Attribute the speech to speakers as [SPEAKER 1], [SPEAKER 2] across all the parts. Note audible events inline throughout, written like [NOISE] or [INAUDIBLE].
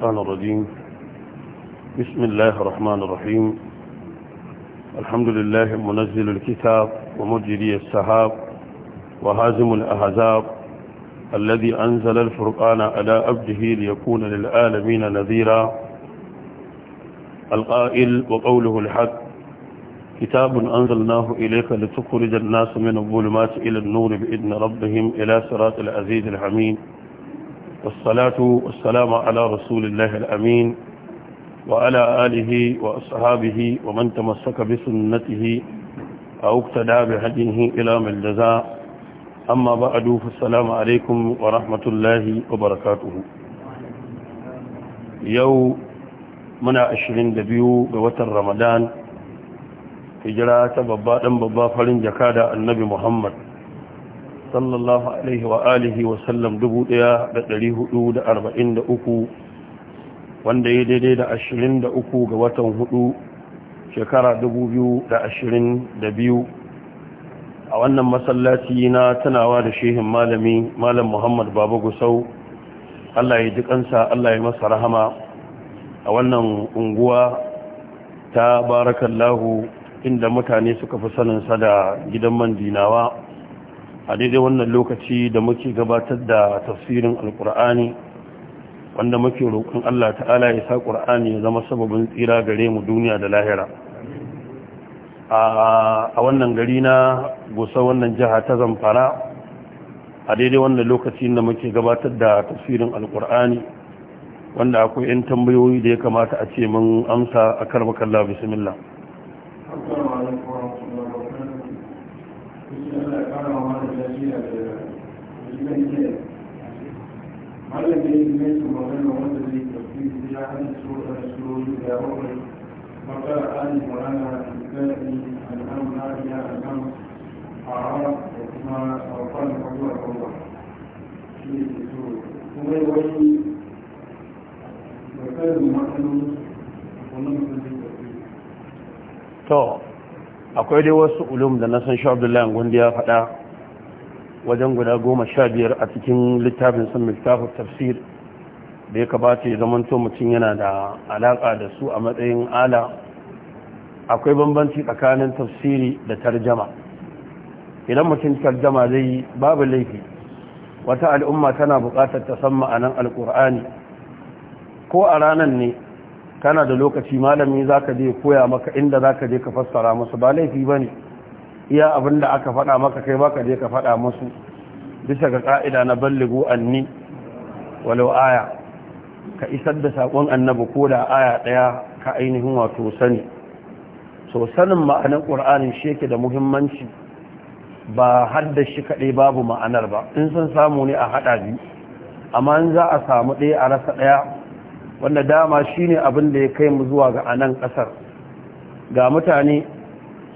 [SPEAKER 1] الشيطان الرجيم بسم الله الرحمن الرحيم الحمد لله منزل الكتاب ومجري السحاب وهازم الأهزاب الذي أنزل الفرقان على أبده ليكون للعالمين نذيرا القائل وقوله الحق كتاب أنزلناه إليك لتخرج الناس من الظلمات إلى النور بإذن ربهم إلى صراط العزيز الحميد والصلاة والسلام على رسول الله الأمين وعلى آله وأصحابه ومن تمسك بسنته أو اقتدى بهديه إلى من جزاء أما بعد فالسلام عليكم ورحمة الله وبركاته يو منا عشرين دبيو قوة رمضان هجرات ببا دم ببا فلن جكاد النبي محمد sallallahu alaihi wa alihi wa sallam 1443 wanda ya daidai da 23 ga watan hudu shekara 2022 a wannan masallaci na tunawa da shehin malami malam Muhammad Baba Gusau Allah ya ji kansa Allah ya masa rahama a wannan unguwa ta barakallahu inda mutane suka fi saninsa da gidan mandinawa a daidai wannan lokaci da muke gabatar da tafsirin alkur'ani wanda muke roƙon Allah ta'ala ya sa ƙur'ani ya zama sababin tsira gare mu duniya da lahira a wannan gari na gusa wannan jiha ta zamfara a daidai wannan lokaci da muke gabatar da tafsirin alkur'ani wanda akwai 'yan tambayoyi da ya kamata a ce mun amsa a karbakan la
[SPEAKER 2] malam ya yi mai su magana wanda zai tafi ya hana shura da shurori da bakwai makara ali marana gani alhamdu ya alhamdu a hawa da kuma saukar da kwakwar kwakwar shi ne ke so kuma yi wani da karin matsalolin wani mutum zai
[SPEAKER 3] tafi
[SPEAKER 1] akwai dai wasu ulum da na san sha abdullahi gundi ya faɗa wajen guda goma sha biyar a cikin littafin sun miftahu tafsir da ya kabata ya zamanto mutum yana da alaƙa da su a matsayin ala akwai bambanci tsakanin tafsiri da tarjama idan mutum tarjama zai yi babu laifi wata al'umma tana bukatar ta san ma'anan alƙur'ani ko a ranar ne kana da lokaci malami za ka je koya maka inda za ka je ka fassara musu ba laifi ba ne. iya abin da aka faɗa maka kai baka je ka faɗa musu bisa ga ƙa'ida na balligu anni walau aya ka isar da sakon annabi ko da aya ɗaya ka ainihin wato sani so sanin ma'anar qur'anin shi yake da muhimmanci ba hadda shi kaɗai babu ma'anar ba in sun samu ne a haɗa biyu amma in za a samu ɗaya a rasa ɗaya wanda dama shine abin da ya kai mu zuwa ga anan ƙasar ga mutane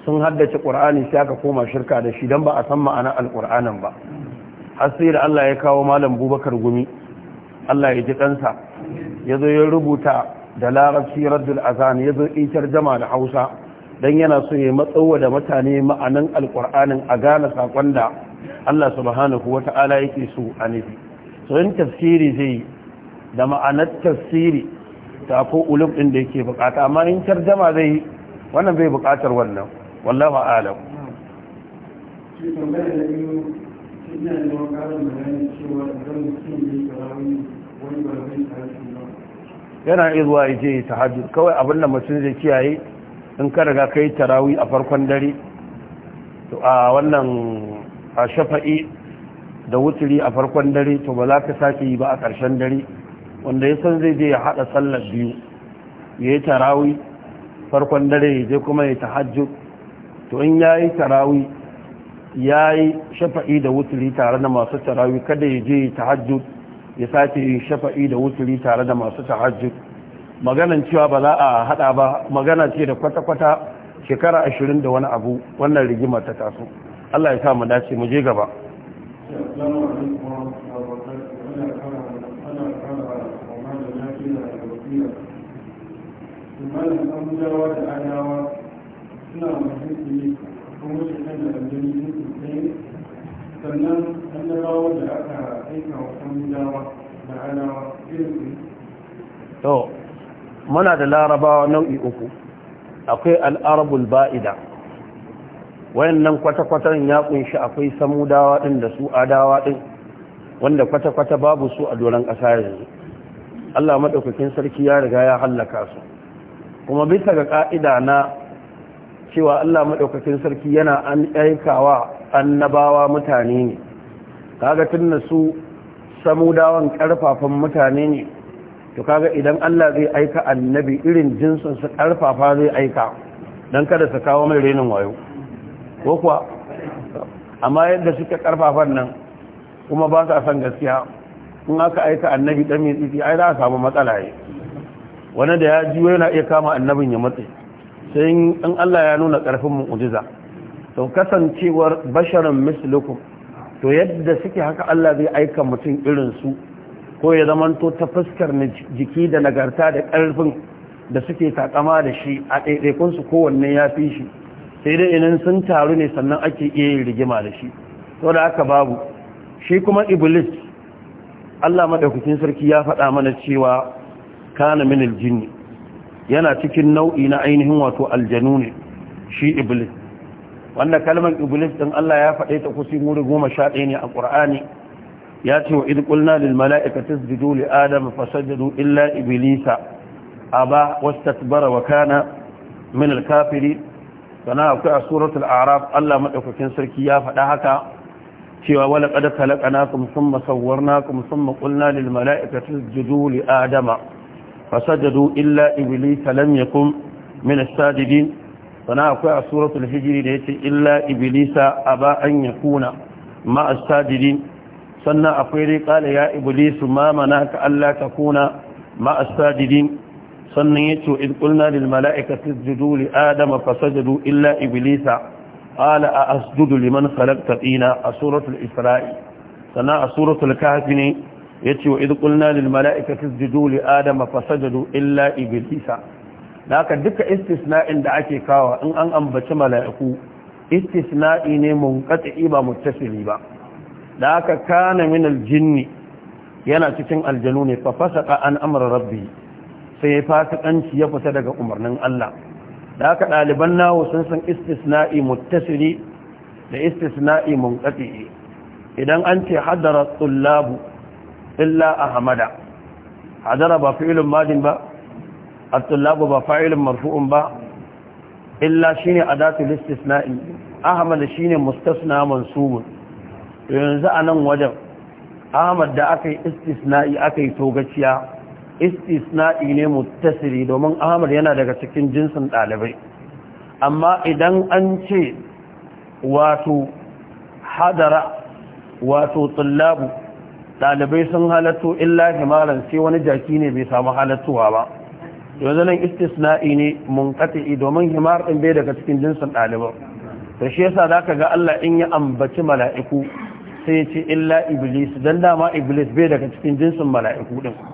[SPEAKER 1] sun haddace ƙur'ani shi aka koma shirka da shi dan ba a san ma'anar alqur'anin ba asiri Allah ya kawo malam Bubakar Gumi Allah ya ji ɗansa ya zo ya rubuta da larabci raddul azan zo itar jama da Hausa dan yana so ya matsowa da mutane ma'anan alqur'anin a gane saƙon da Allah subhanahu wata'ala yake so a nufi so in tafsiri zai da ma'anar tafsiri ta ko ulum din da yake bukata amma in tarjama zai wannan bai bukatar wannan wallahi alam yana izuwa ya je tahajjud kawai abin da mutum zai kiyaye in ka riga kai tarawi a farkon dare to a wannan a shafa'i da wuturi a farkon dare to ba za ka sake yi ba a ƙarshen dare wanda ya san zai je ya haɗa sallar biyu ya yi tarawi farkon dare ya je kuma ya tahajju to in ya yi tarawi ya yi shafa'i da wuturi tare da masu tarawi kada ya je ya tahajju ya sace yin shafa'i da wuturi tare da masu tahajju maganan cewa ba za a haɗa ba magana ce da kwata-kwata shekara ashirin da wani abu wannan rigima ta taso Allah ya sa mu dace mu je gaba.
[SPEAKER 2] kira kimanin abujawa da adawa suna masu kiri kuma shekan da aljani sun kusurai sannan annabawa da aka aika wa abujawa da adawa irin
[SPEAKER 1] to muna da larabawa nau'i uku akwai al'arabul ba'ida wayannan kwata-kwatan ya kunshi akwai samudawa din da su adawa din wanda kwata-kwata babu su a doron ƙasa yanzu Allah maɗaukakin sarki ya riga ya hallaka su kuma bisa ga ƙa'ida na cewa Allah maɗaukakin sarki yana an aikawa annabawa mutane ne kaga tunna su samudawan ƙarfafan mutane ne to kaga idan Allah zai aika annabi irin jinsin su ƙarfafa zai aika don kada su kawo mai renin wayo ko kuwa amma yadda suke ƙarfafan nan kuma ba sa son gaskiya in aka aika annabi dan mai tsifi ai za a samu matsala ne wani da ya jiwo yana iya kama annabin ya matse sai in Allah ya nuna karfin mu'jiza to kasancewar basharan mislukum to yadda suke haka Allah zai aika mutum irin su ko ya to ta fuskar jiki da nagarta da karfin da suke takama da shi a ɗaiɗaikunsu kowanne ya fi shi sai dai idan sun taru ne sannan ake iya rigima da shi to da aka babu shi kuma iblis Allah madaukakin sarki ya faɗa mana cewa kana min aljin yana cikin nau'i na ainihin wato aljanu ne shi iblis wanda kalmar iblis din Allah ya faɗe ta kusi muri goma sha ne a ƙur'ani ya ce wa idh qulna lil mala'ikati isjudu li adam fasajadu illa iblisa aba wastakbara wa kana min al-kafirin sana akwai a suratul araf Allah madaukakin sarki ya faɗa haka cewa na wala qad khalaqnakum thumma sawwarnakum thumma qulna lil mala'ikati isjudu li adama fasajadu illa iblisa lam yakun min as-sajidin sana akwai a suratul hijri da yace illa iblisa aba an yakuna ma as-sajidin sannan akwai dai qala ya iblisu ma manaka alla takuna ma as-sajidin sannan yace id qulna da mala'ikati isjudu li adama fasajadu illa iblisa قال أسجد لمن خلقت فينا سورة الإسراء سنة سورة الكهف يتي وإذ قلنا للملائكة اسجدوا لآدم فسجدوا إلا إبليس لكن دك استثناء دعك كاوة إن أن أنبت ملائكو استثناء منقطع با متصل با لكن كان من الجن ينا تكن الجنون ففسق عن أمر ربي سيفاسق أنت يفسدك أمرنا الله da aka ɗaliban nawo sun san istisna'i muttasiri da istisna'i munqati idan an ce hadara tullabu illa ahmada hadara ba fi'ilun madin ba at-tullabu ba fa'ilun marfu'un ba illa shine adatul istisna'i ahmad shine mustasna mansub yanzu anan wajen ahmad da aka yi istisna'i aka yi togaciya istisna'i ne muttasiri domin ahmad yana daga cikin jinsin ɗalibai amma idan an ce wato hadara wato tsullabu ɗalibai sun halattu illa himaran sai wani jaki ne bai samu halartuwa ba yanzu nan istisna'i ne mun kat'i domin himar ɗin bai daga cikin jinsin ɗaliban to shi yasa zaka ga Allah in ya ambaci mala'iku sai ya ce illa iblis dan dama iblis bai daga cikin jinsin mala'iku din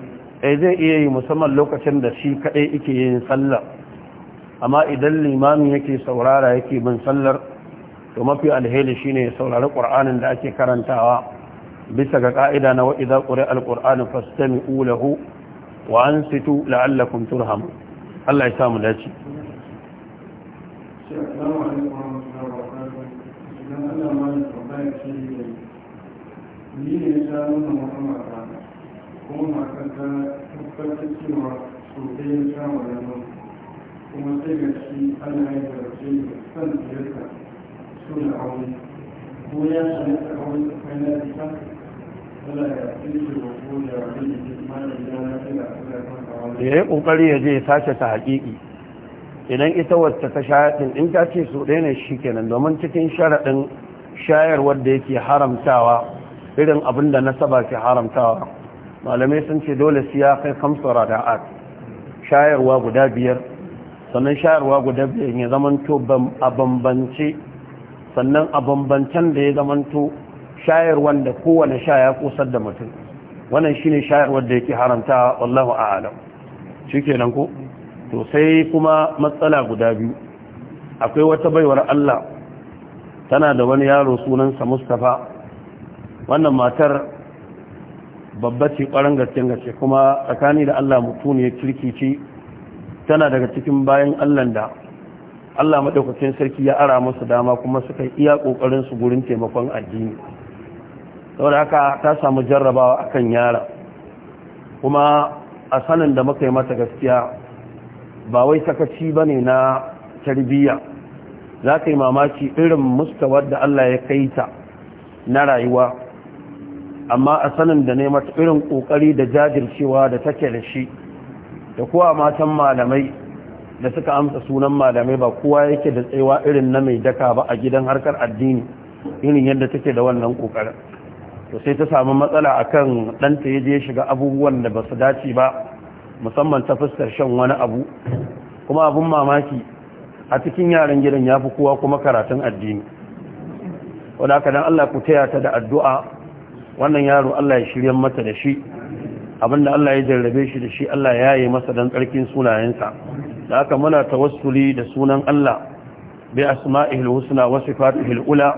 [SPEAKER 1] eh zai iya yi musamman lokacin da shi kaɗai yake yin sallar amma idan limamin yake saurara yake bin sallar to mafi alheri shine ya saurari ƙur'anin da ake karantawa bisa ga ƙa'ida na wa'iza ƙuri alƙur'anin fastami ulahu wa an situ la'allakum turhamu Allah ya samu dace
[SPEAKER 2] ni ne ya sha nuna kuma matan ta tabbatar cewa sau ɗaya ya sha wa yanon kuma sai ga shi ana yin zarce da san ziyarta su da aure ko ya shi ta aure tsakanin da ita Allah ya tsince wa ko da wani malam ya na kira kula kan da Ya
[SPEAKER 1] yi ƙoƙari ya je ya sace ta haƙiƙi. Idan ita wacce ta sha ɗin in ta ce su ɗaya ne shi kenan domin cikin sharaɗin shayarwar da yake haramtawa irin abin da nasaba ke haramtawa malamai sun ce dole siya kai kamsa rada'at shayarwa guda biyar sannan shayarwa guda biyar ya zamanto a bambance sannan a bambancen da ya zamanto shayarwa da kowane shaya kusa da mutum wannan shine shayarwar da yake haramta wallahu a'lam nan ko to sai kuma matsala guda biyu akwai wata baiwar Allah tana da wani yaro sunansa Mustafa wannan matar babba ce ƙwarar gaske gaske kuma tsakani da Allah mutum ya kirki ce tana daga cikin bayan Allah da Allah maɗaukacin sarki ya ara musu dama kuma suka iya ƙoƙarin su gurin taimakon addini saboda haka ta samu jarrabawa akan yara kuma a sanin da muka yi mata gaskiya ba wai sakaci ba ne na tarbiyya za ka yi mamaki irin mustawar da Allah ya kai ta na rayuwa amma a sanin da ne mata irin kokari da jajircewa da take da shi da kuwa matan malamai da suka amsa sunan malamai ba kowa yake da tsayawa irin na mai daka ba a gidan harkar addini irin yadda take da wannan kokarin to sai ta samu matsala akan ɗanta ya je shiga abubuwan da ba su dace ba musamman ta fuskar shan wani abu kuma abun mamaki a cikin yaran gidan ya fi kowa kuma karatun addini wadda haka don allah ku taya ta da addu'a wannan yaro Allah ya shirya mata da shi abinda Allah ya jarrabe shi da shi Allah ya yi masa dan tsarkin sunayensa da aka muna tawassuli da sunan Allah bi asma'ihil husna wa sifatihil ula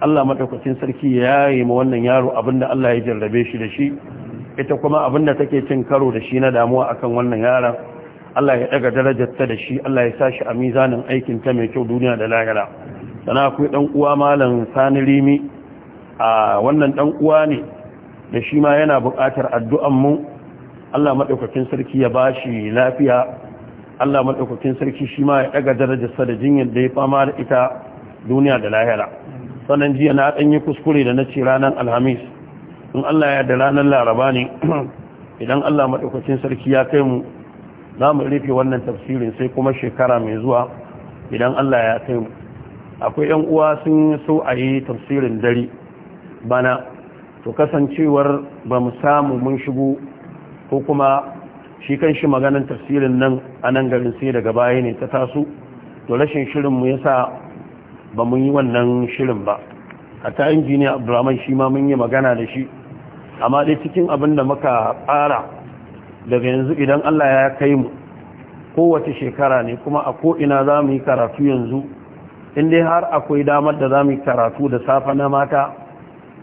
[SPEAKER 1] Allah madaukakin sarki ya yi ma wannan yaro abinda Allah ya jarrabe shi da shi ita kuma abinda take cin karo da shi na damuwa akan wannan yaron Allah ya daga darajarta da shi Allah ya sashi a mizanin aikin ta mai kyau duniya da lahira sana akwai dan uwa malam Sani Rimi a wannan dan uwa ne da shi ma yana buƙatar addu'an mu Allah maɗaukakin sarki ya bashi lafiya Allah madaukakin sarki shi ma ya ɗaga darajarsa da jinyar da ya fama da ita duniya da lahira sannan jiya na dan yi kuskure da na ce ranar alhamis in Allah ya da ranar laraba ne [CLEARS THROAT] idan Allah madaukakin sarki ya kai mu za mu rufe wannan tafsirin sai kuma shekara mai zuwa idan Allah ya kai mu akwai yan uwa sun so a yi tafsirin dare bana to kasancewar ba mu samu mun shigo ko kuma shi kan shi maganin tafsirin nan a nan garin sai daga baya ne ta taso to rashin shirin mu yasa ba mun yi wannan shirin ba a ta injiniya abdulrahman shi ma mun yi magana da shi amma dai cikin abin da muka tsara daga yanzu idan allah ya kai mu kowace shekara ne kuma a ko'ina za mu yi karatu yanzu in dai har akwai damar da za mu yi karatu da safe na mata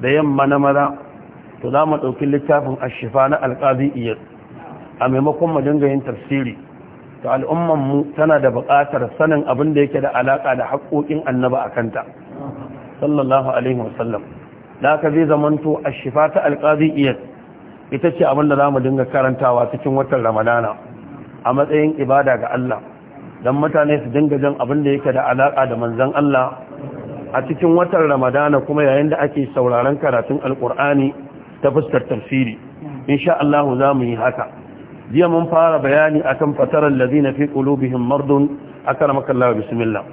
[SPEAKER 1] da yamma na maza to za mu ɗauki littafin ashifa na alƙazi iya a maimakon mu dinga yin tafsiri to al'umman mu tana da buƙatar sanin abin da yake da alaƙa da haƙoƙin annaba a kanta sallallahu alaihi wasallam da ka zai zamanto ashifa ta alƙazi iya ita ce abin da za mu dinga karantawa cikin watan ramadana a matsayin ibada ga Allah don mutane su dinga jan abin da yake da alaƙa da manzan Allah a cikin watan ramadana kuma yayin da ake sauraron karatun alkur'ani ta fuskar tafsiri insha Allah za mu yi haka jiya mun fara bayani akan fatarar na fi qulubihim mardun akramaka Allah bismillah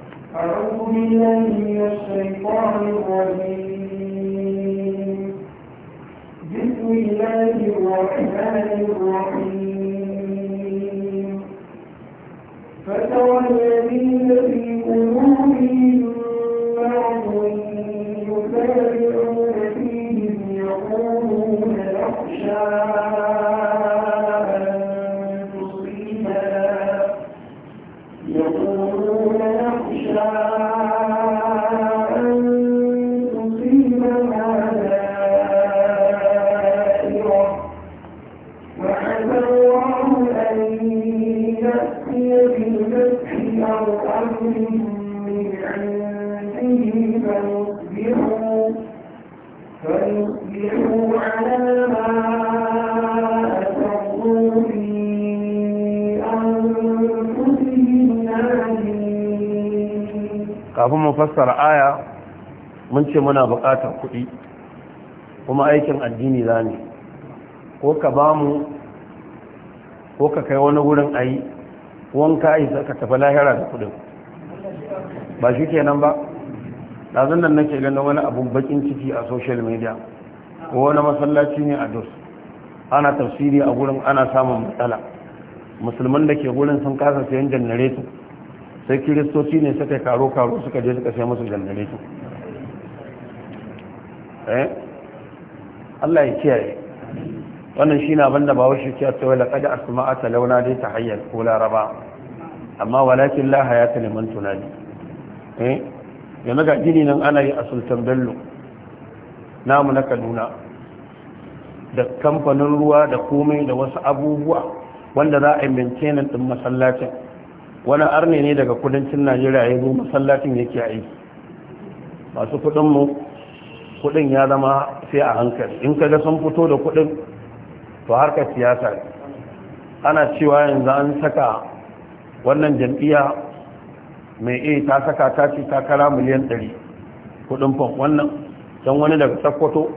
[SPEAKER 3] أعوذ الذين في قلوبهم يسارعون فيهم يقولون نخشى
[SPEAKER 1] kafin mu fassara aya mun ce muna buƙatar kuɗi kuma aikin addini za ne ko ka ba mu ko ka kai wani wurin a yi wanka isa ka tafi lahira da kuɗin ba shi kenan ba ɗazun nan nake ganin wani abun bakin ciki a social media ko wani masallaci ne a dos ana tafsiri a wurin ana samun matsala musulman da ke wurin sun kasa sayan janareto sai kiristoci ne suka karo-karo suka je suka sai musu gangare su eh? Allah ya kiyaye wannan shi na banda ba wasu cewa ta wala kada asma'a ta launa dai ta hayyar ko laraba amma walakin la hayata liman tunani eh ya ga gini nan ana yi a sultan bello namu na kaduna da kamfanin ruwa da komai da wasu abubuwa wanda za a yi maintenance din masallacin wani arne ne daga kudancin najeriya ya zo masallacin yake yi masu kudinmu kudin ya zama sai a hankali in kaga sun fito da kudin to harkar siyasa ana cewa yanzu an saka wannan jam'iyya mai a ta saka ta ce takara miliyan 100 kudin fom wannan don wani daga sakkwato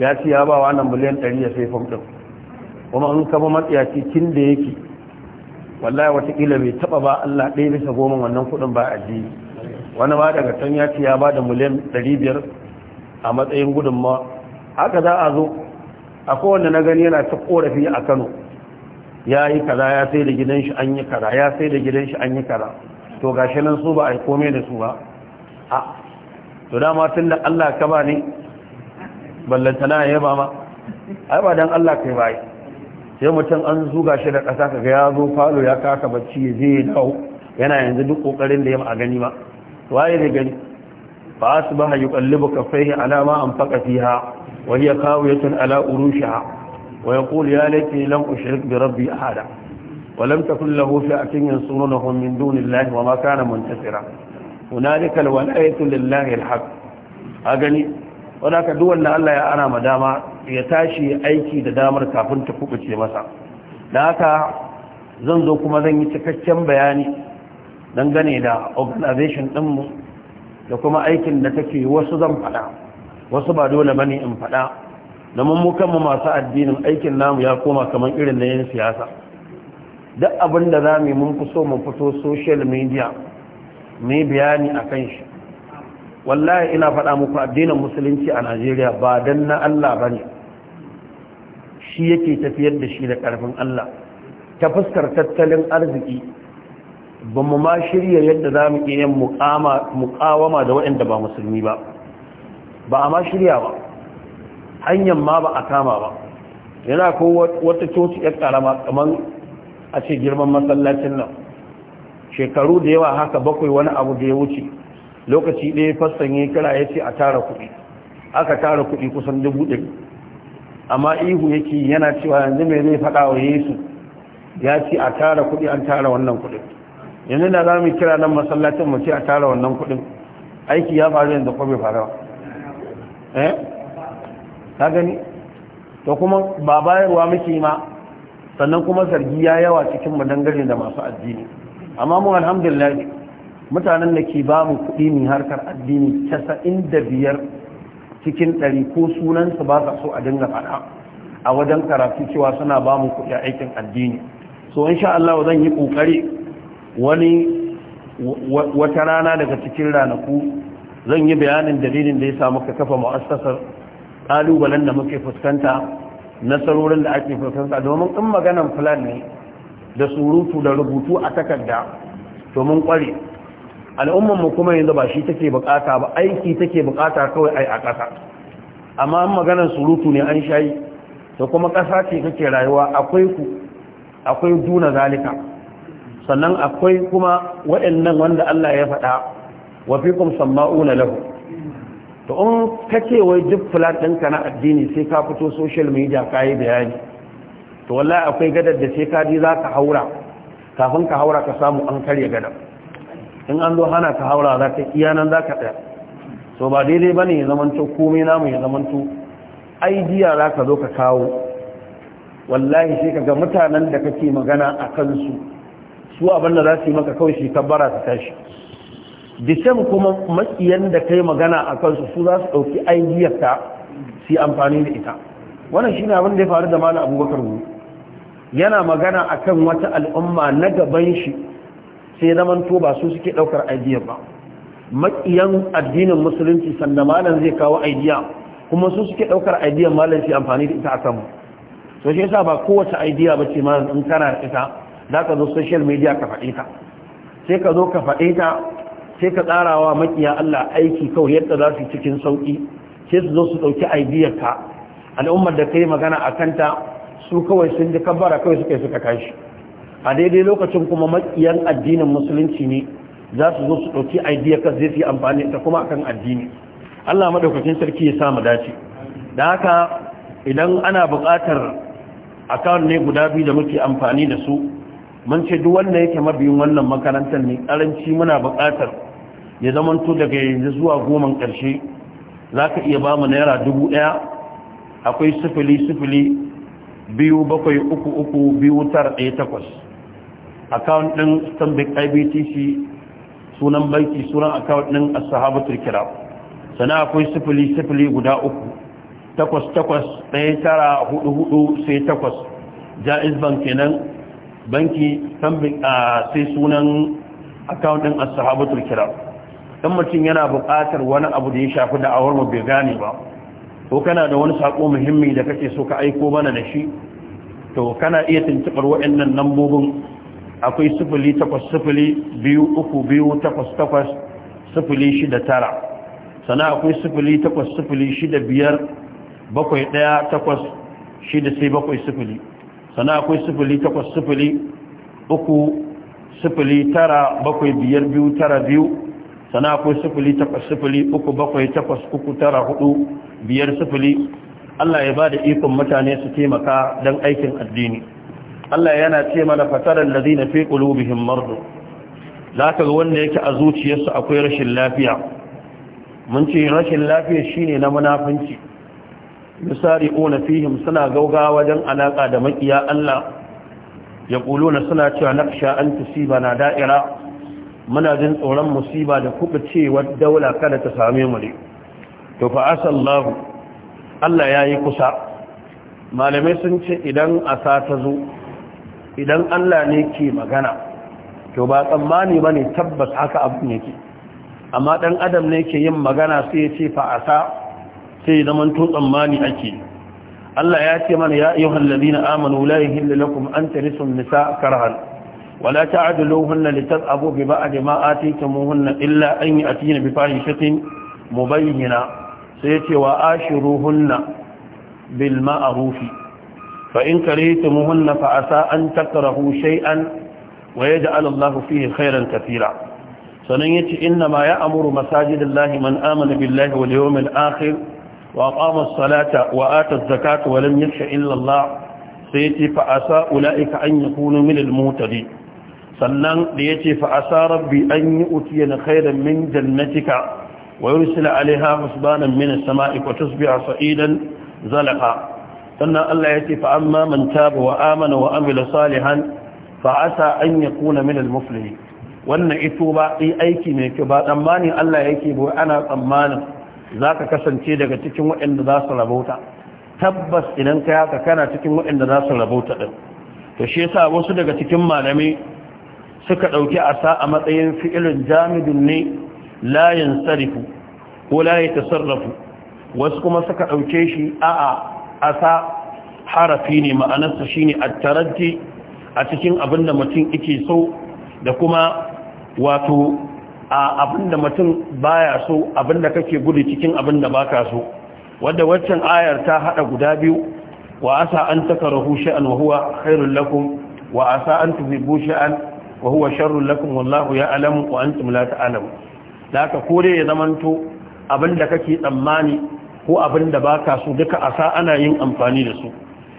[SPEAKER 1] ya ci ya ba wannan miliyan 100 ya sai fom din kuma in kama matsayaci kin da yake wallahi wata kila bai taba ba Allah ɗaya bisa goma wannan kuɗin ba addini wani ba daga can ya ci ya ba da miliyan 500 a matsayin gudun ma haka za a zo a wanda na gani yana ta korafi a kano ya yi kaza ya sai da gidan shi an yi kaza ya sai da gidan shi an yi kaza to gashi nan su ba a yi kome da su ba a to dama tun da Allah ka ba ne ballantana ya ba ma ai ba don Allah kai ba yi sai mutum an zuga shi da ƙasa kaga ya zo falo ya kaka bacci zai dawo yana yanzu duk ƙoƙarin da ya a gani ma waye da gani fa asbaha yuqallibu kaffayhi ala ma anfaqa fiha wa hiya qawiyatun ala urushiha wa yaqul ya laitani lam ushrik bi rabbi ahada wa lam a lahu fi'atun yansurunahu min dunillahi wa ma kana muntasira hunalika alwalayatu lillahi alhaq a gani wadda ka duwanda Allah ya ana ma dama ya tashi aiki da damar kafin ta kubuce masa da haka zan zo kuma zan yi cikakken bayani dangane da organization ɗinmu da kuma aikin da take wasu zan faɗa wasu ba dole bane in faɗa Da mu kanmu masu addinin aikin namu ya koma kamar irin na yin siyasa duk abin da za mu mun fi so mu fito social media mai bayani a kan shi wallahi ina faɗa muku addinin musulunci a najeriya ba don na allah ba ne shi yake tafiyar da shi da ƙarfin allah ta fuskar tattalin arziki ba mu ma shirya yadda za mu iya yin mukawama da waɗanda ba musulmi ba ba a ma shirya ba hanyar ma ba a kama ba yana ko wata coci ya karama kamar a ce girman masallacin nan shekaru da yawa haka bakwai wani abu da ya wuce lokaci ɗaya fassan ya kira ya ce a tara kuɗi aka tara kuɗi kusan dubu ɗin amma ihu yake yana cewa yanzu mai zai faɗa wa yesu ya ce a tara kuɗi an tara wannan kuɗin yanzu da za mu kira nan masallacin mu ce a tara wannan kuɗin aiki ya faru yanzu ko bai faru eh ka gani to kuma ba bayarwa muke ma sannan kuma zargi ya yawa cikin mu dangane da masu addini amma mu alhamdulillah mutanen da ke ba mu kuɗi ne harkar addini casa'in da biyar cikin ɗari ko sunansu ba sa so a dinga faɗa a wajen karatu cewa suna ba mu kuɗi aikin addini so insha Allah zan yi ƙoƙari wani wata rana daga cikin ranaku zan yi bayanin dalilin da ya sa muka kafa mu'assasar ƙalubalen da muke fuskanta nasarorin da ake fuskanta domin in maganan fulani da surutu da rubutu a takarda domin ƙware al'umman mu kuma yanzu ba shi take bukata ba aiki take bukata kawai ai a ƙasa amma maganar surutu ne an shayi to kuma ƙasa ce kake rayuwa akwai ku akwai duna zalika sannan akwai kuma waɗannan wanda Allah ya faɗa wa fikum sama'una lahu to in kace wai duk flat ɗinka na addini sai ka fito social media kai bayani to wallahi akwai gadar da sai ka ji za ka haura kafin ka haura ka samu an karya gadar in an zo hana ka haura za ka iya nan za ka tsaya so ba daidai ba ne ya zamanto komai namu ya zamanto ai jiya za ka zo ka kawo wallahi sai ka ga mutanen da kake magana a kansu su abin da za su yi maka kawai shi tabbara ta tashi disam kuma makiyan da kai magana a kansu su za su ɗauki aigiyar ta su amfani da ita wannan shine abin da ya faru da malam abubakar mu yana magana akan wata al'umma na gaban shi sai zamanto ba su suke ɗaukar aidiya ba maƙiyan addinin musulunci sannan malam zai kawo aidiya kuma su suke ɗaukar aidiyar malam shi amfani da ita a kanmu so shi yasa ba kowace aidiya ba ce malam in kana ita za ka zo social media ka faɗe ta sai ka zo ka faɗe ta sai ka tsarawa makiya Allah aiki kawai yadda za su cikin sauki sai su zo su ɗauki aidiyar ka al'ummar da ka yi magana a kanta su kawai sun ji kabbara kawai suka yi suka kashi a daidai lokacin kuma makiyan addinin musulunci ne za su zo su ɗauki idea ka zai fi amfani ta kuma akan addini Allah madaukakin sarki ya sa mu dace da haka idan ana buƙatar account ne guda biyu da muke amfani da su mun ce duk wanda yake mabiyin wannan makarantar ne karanci muna buƙatar ya zamanto daga yanzu zuwa goman ƙarshe za ka iya ba mu naira dubu ɗaya akwai sifili sifili biyu bakwai uku uku biyu tara ɗaya takwas account ɗin Stanbic IBTC sunan banki sunan account din Ashabatul Kiram sana akwai sifili sifili guda uku takwas takwas ɗaya tara hudu hudu sai takwas jaiz banki kenan banki Stanbic sai sunan account din Ashabatul Kiram dan mutum yana buƙatar wani abu da ya shafi da awar mu bai gane ba ko kana da wani sako muhimmi da kake so ka aiko mana da shi to kana iya tuntubar waɗannan lambobin akwai sufuli takwas sufuli biyu uku biyu takwas takwas sufuli shida tara sana akwai sufuli takwas sufuli shida biyar bakwai daya takwas shida sai bakwai sufuli sana akwai sufuli takwas sufuli uku sufuli tara bakwai biyar biyu tara biyu sana akwai sufuli takwas sufuli uku bakwai takwas uku tara hudu biyar sufuli Allah ya ba da ikon mutane su taimaka don aikin addini Allah yana ce mana fatarar lazina fi qulubihim mardu za ka ga wanda yake a zuciyarsa akwai rashin lafiya mun ce rashin lafiya shine na munafinci yusari'una fihim suna gauga wajen alaka da makiya Allah yaquluna suna cewa naqsha an tusibana da'ira muna jin tsoron musiba da kubucewar daula kada ta same mu ne to fa asallahu Allah yayi kusa malamai sun ce idan asa ta zo idan Allah ne ke magana to ba tsammani ba ne tabbas haka abin yake amma ɗan adam ne ke yin magana sai ya ce fa'asa sai ya zama to tsammani ake Allah ya ce mana ya iya hallabi na amonu layin hillalakum an tarisun nisa karhan wala ta adalo hunna littar abu bi ba a jama'a taikimu hunna illa an yi a tina bi fahishatin mubayyana sai ce wa ashiru hunna bil ma'arufi fa in karihtumuhunna fa asa an takrahu shay'an wa yaj'al Allahu fihi khairan katira sanan yace inna ma ya ya'muru masajidallahi man amana billahi wal yawmil akhir wa aqama as-salata wa ata az-zakata wa lam yakhsha illa Allah sai yace fa asa ulaika an yakunu min al-mutadi sannan da yace fa asa rabbi an yu'tiyana khairan min jannatika ويرسل عليها حسبانا من السماء وتصبح صعيدا زلقا sannan Allah ya ce fa amma man taba wa amana wa amila salihan fa asa an yakuna min al-muflihin wannan ito ba yi aiki mai kyau ba tsammanin Allah yake bo ana tsammanin zaka kasance daga cikin waɗanda za su rabauta tabbas idan kai haka kana cikin waɗanda za su rabauta din to shi yasa wasu daga cikin malamai suka ɗauki asa a matsayin fi'ilin jamidun ne layin sarifu ko layi tasarrafu wasu kuma suka ɗauke shi a'a asa harafi ne ma'anarsa shine a taranti a cikin abinda mutum ike so da kuma wato a abinda mutum baya so abinda kake gudu cikin abinda baka so Wadda waccan ayar ta hada guda biyu wa asa an takarahu sha'an wa huwa khairun lakum wa asa an tuhibbu sha'an wa huwa sharrun lakum wallahu ya alamu wa antum la ta'lamun da ka kore ya zamanto abinda kake tsammani ko abin da ba ka so duka a sa ana yin amfani da su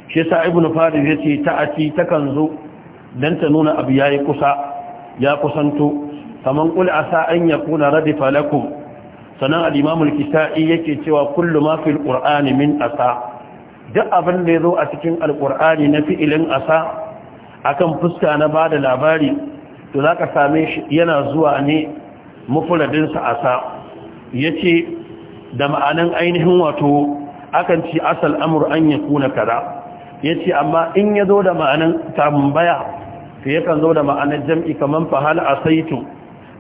[SPEAKER 1] shi yasa ibnu farid ya ce ta'ati takan zo dan ta nuna abu yayi kusa ya kusanto kaman qul asa an yakuna kuna lakum sanan al-imam kisai yake cewa kullu ma fil qur'ani min asa duk abin da ya zo a cikin al-qur'ani na fi'ilin asa akan fuska na bada labari to zaka same shi yana zuwa ne mufradin sa asa yace da ma'anan ainihin wato akan ci asal amur an ya kuna kaza ya ce amma in ya zo da ma'anan tambaya to yakan zo da ma'anan jam'i kamar fahala a saitu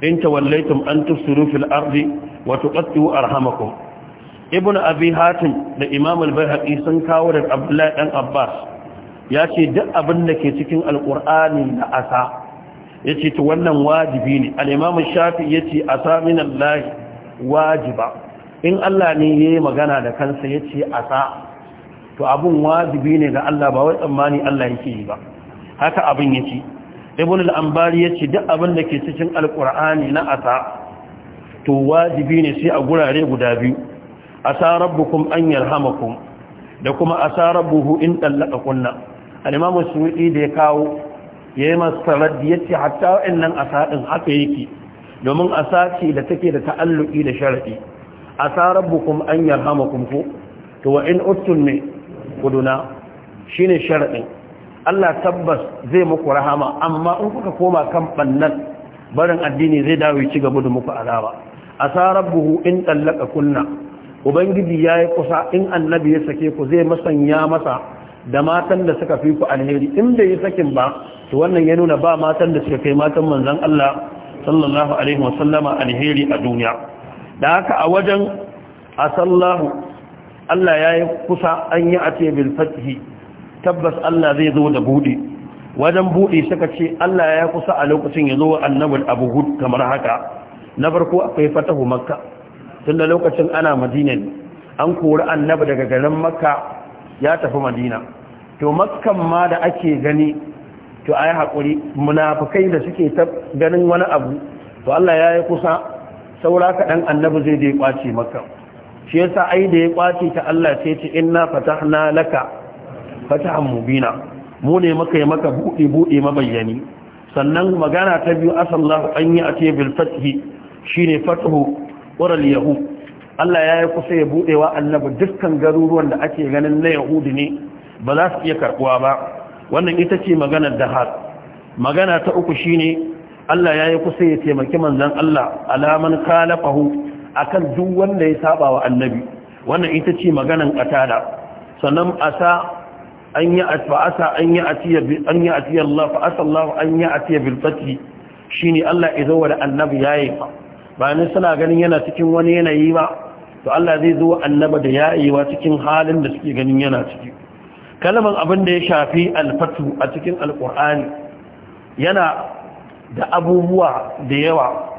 [SPEAKER 1] in wallaitun an surufin arzi wato wa a arhamakum ibn abi hatim da imam al sun kawo da abdullahi Ɗan abbas ya ce duk abin da ke cikin alqur'ani na asa ce ta wannan wajibi ne al shafi shafi yace asa min allah wajiba in Allah ne ya yi magana da kansa ya ce a sa to abin wajibi ne ga Allah ba wai tsammani Allah yake yi ba haka abin ya yake ibn al-anbari ce duk abin da ke cikin alkur'ani na asa to wajibi ne sai a gurare guda biyu asa rabbukum an yarhamakum da kuma asa rabbuhu in tallaka kunna al-imam suwidi da ya kawo yayi masa raddi ce, hatta wannan asa din haka yake domin asa ce da take da ta'alluki da shar'i asa rabbukum an yarhamakum ku to wa in uttum ne kuduna shine sharadin Allah tabbas zai muku rahama amma in kuka koma kan bannan barin addini zai dawo ci gaba da muku azaba asa rabbuhu in tallaka kunna ubangiji yayi kusa in annabi ya sake ku zai masanya masa da matan da suka fi ku alheri in bai yi sakin ba to wannan ya nuna ba matan da suka kai matan manzon Allah sallallahu alaihi wasallama alheri a duniya da haka a wajen a asallahu Allah ya yi kusa an yi a ce fatihi tabbas Allah zai zo da buɗe wajen buɗe suka ce Allah ya kusa a lokacin ya zo wa annabin abu hud kamar haka na farko akwai fatahu makka tun da lokacin ana madina ne an kori annabi daga garin makka ya tafi madina to makkan ma da ake gani to a yi haƙuri munafukai da suke ganin wani abu to Allah ya yi kusa saura kaɗan annabi zai da ya ƙwace maka shi yasa ai da ya ƙwace ta Allah sai ce inna fatahna laka fatahan mubina mu ne maka yi maka buɗe buɗe mabayyani sannan magana ta biyu asallahu an yi a tebur bil fathi shine fathu waral yahu Allah ya yi kusa ya buɗe wa annabi dukkan garuruwan da ake ganin na yahudi ne ba za su iya karɓuwa ba wannan ita ce maganar har magana ta uku shine Allah ya yi kusa ya taimaki manzan Allah alaman kalafahu akan duk wanda ya saba wa annabi wannan ita ce maganan katada sannan asa an yi fa'asa an yi atiya Allah fa'asa Allah an yi atiya bilfati shi ne Allah ya zo da annabi ya yi ba bayanin suna ganin yana cikin wani yanayi ba to Allah zai zo annaba da ya yi wa cikin halin da suke ganin yana ciki kalaman abin da ya shafi alfatu a cikin alƙur'ani yana da abubuwa da yawa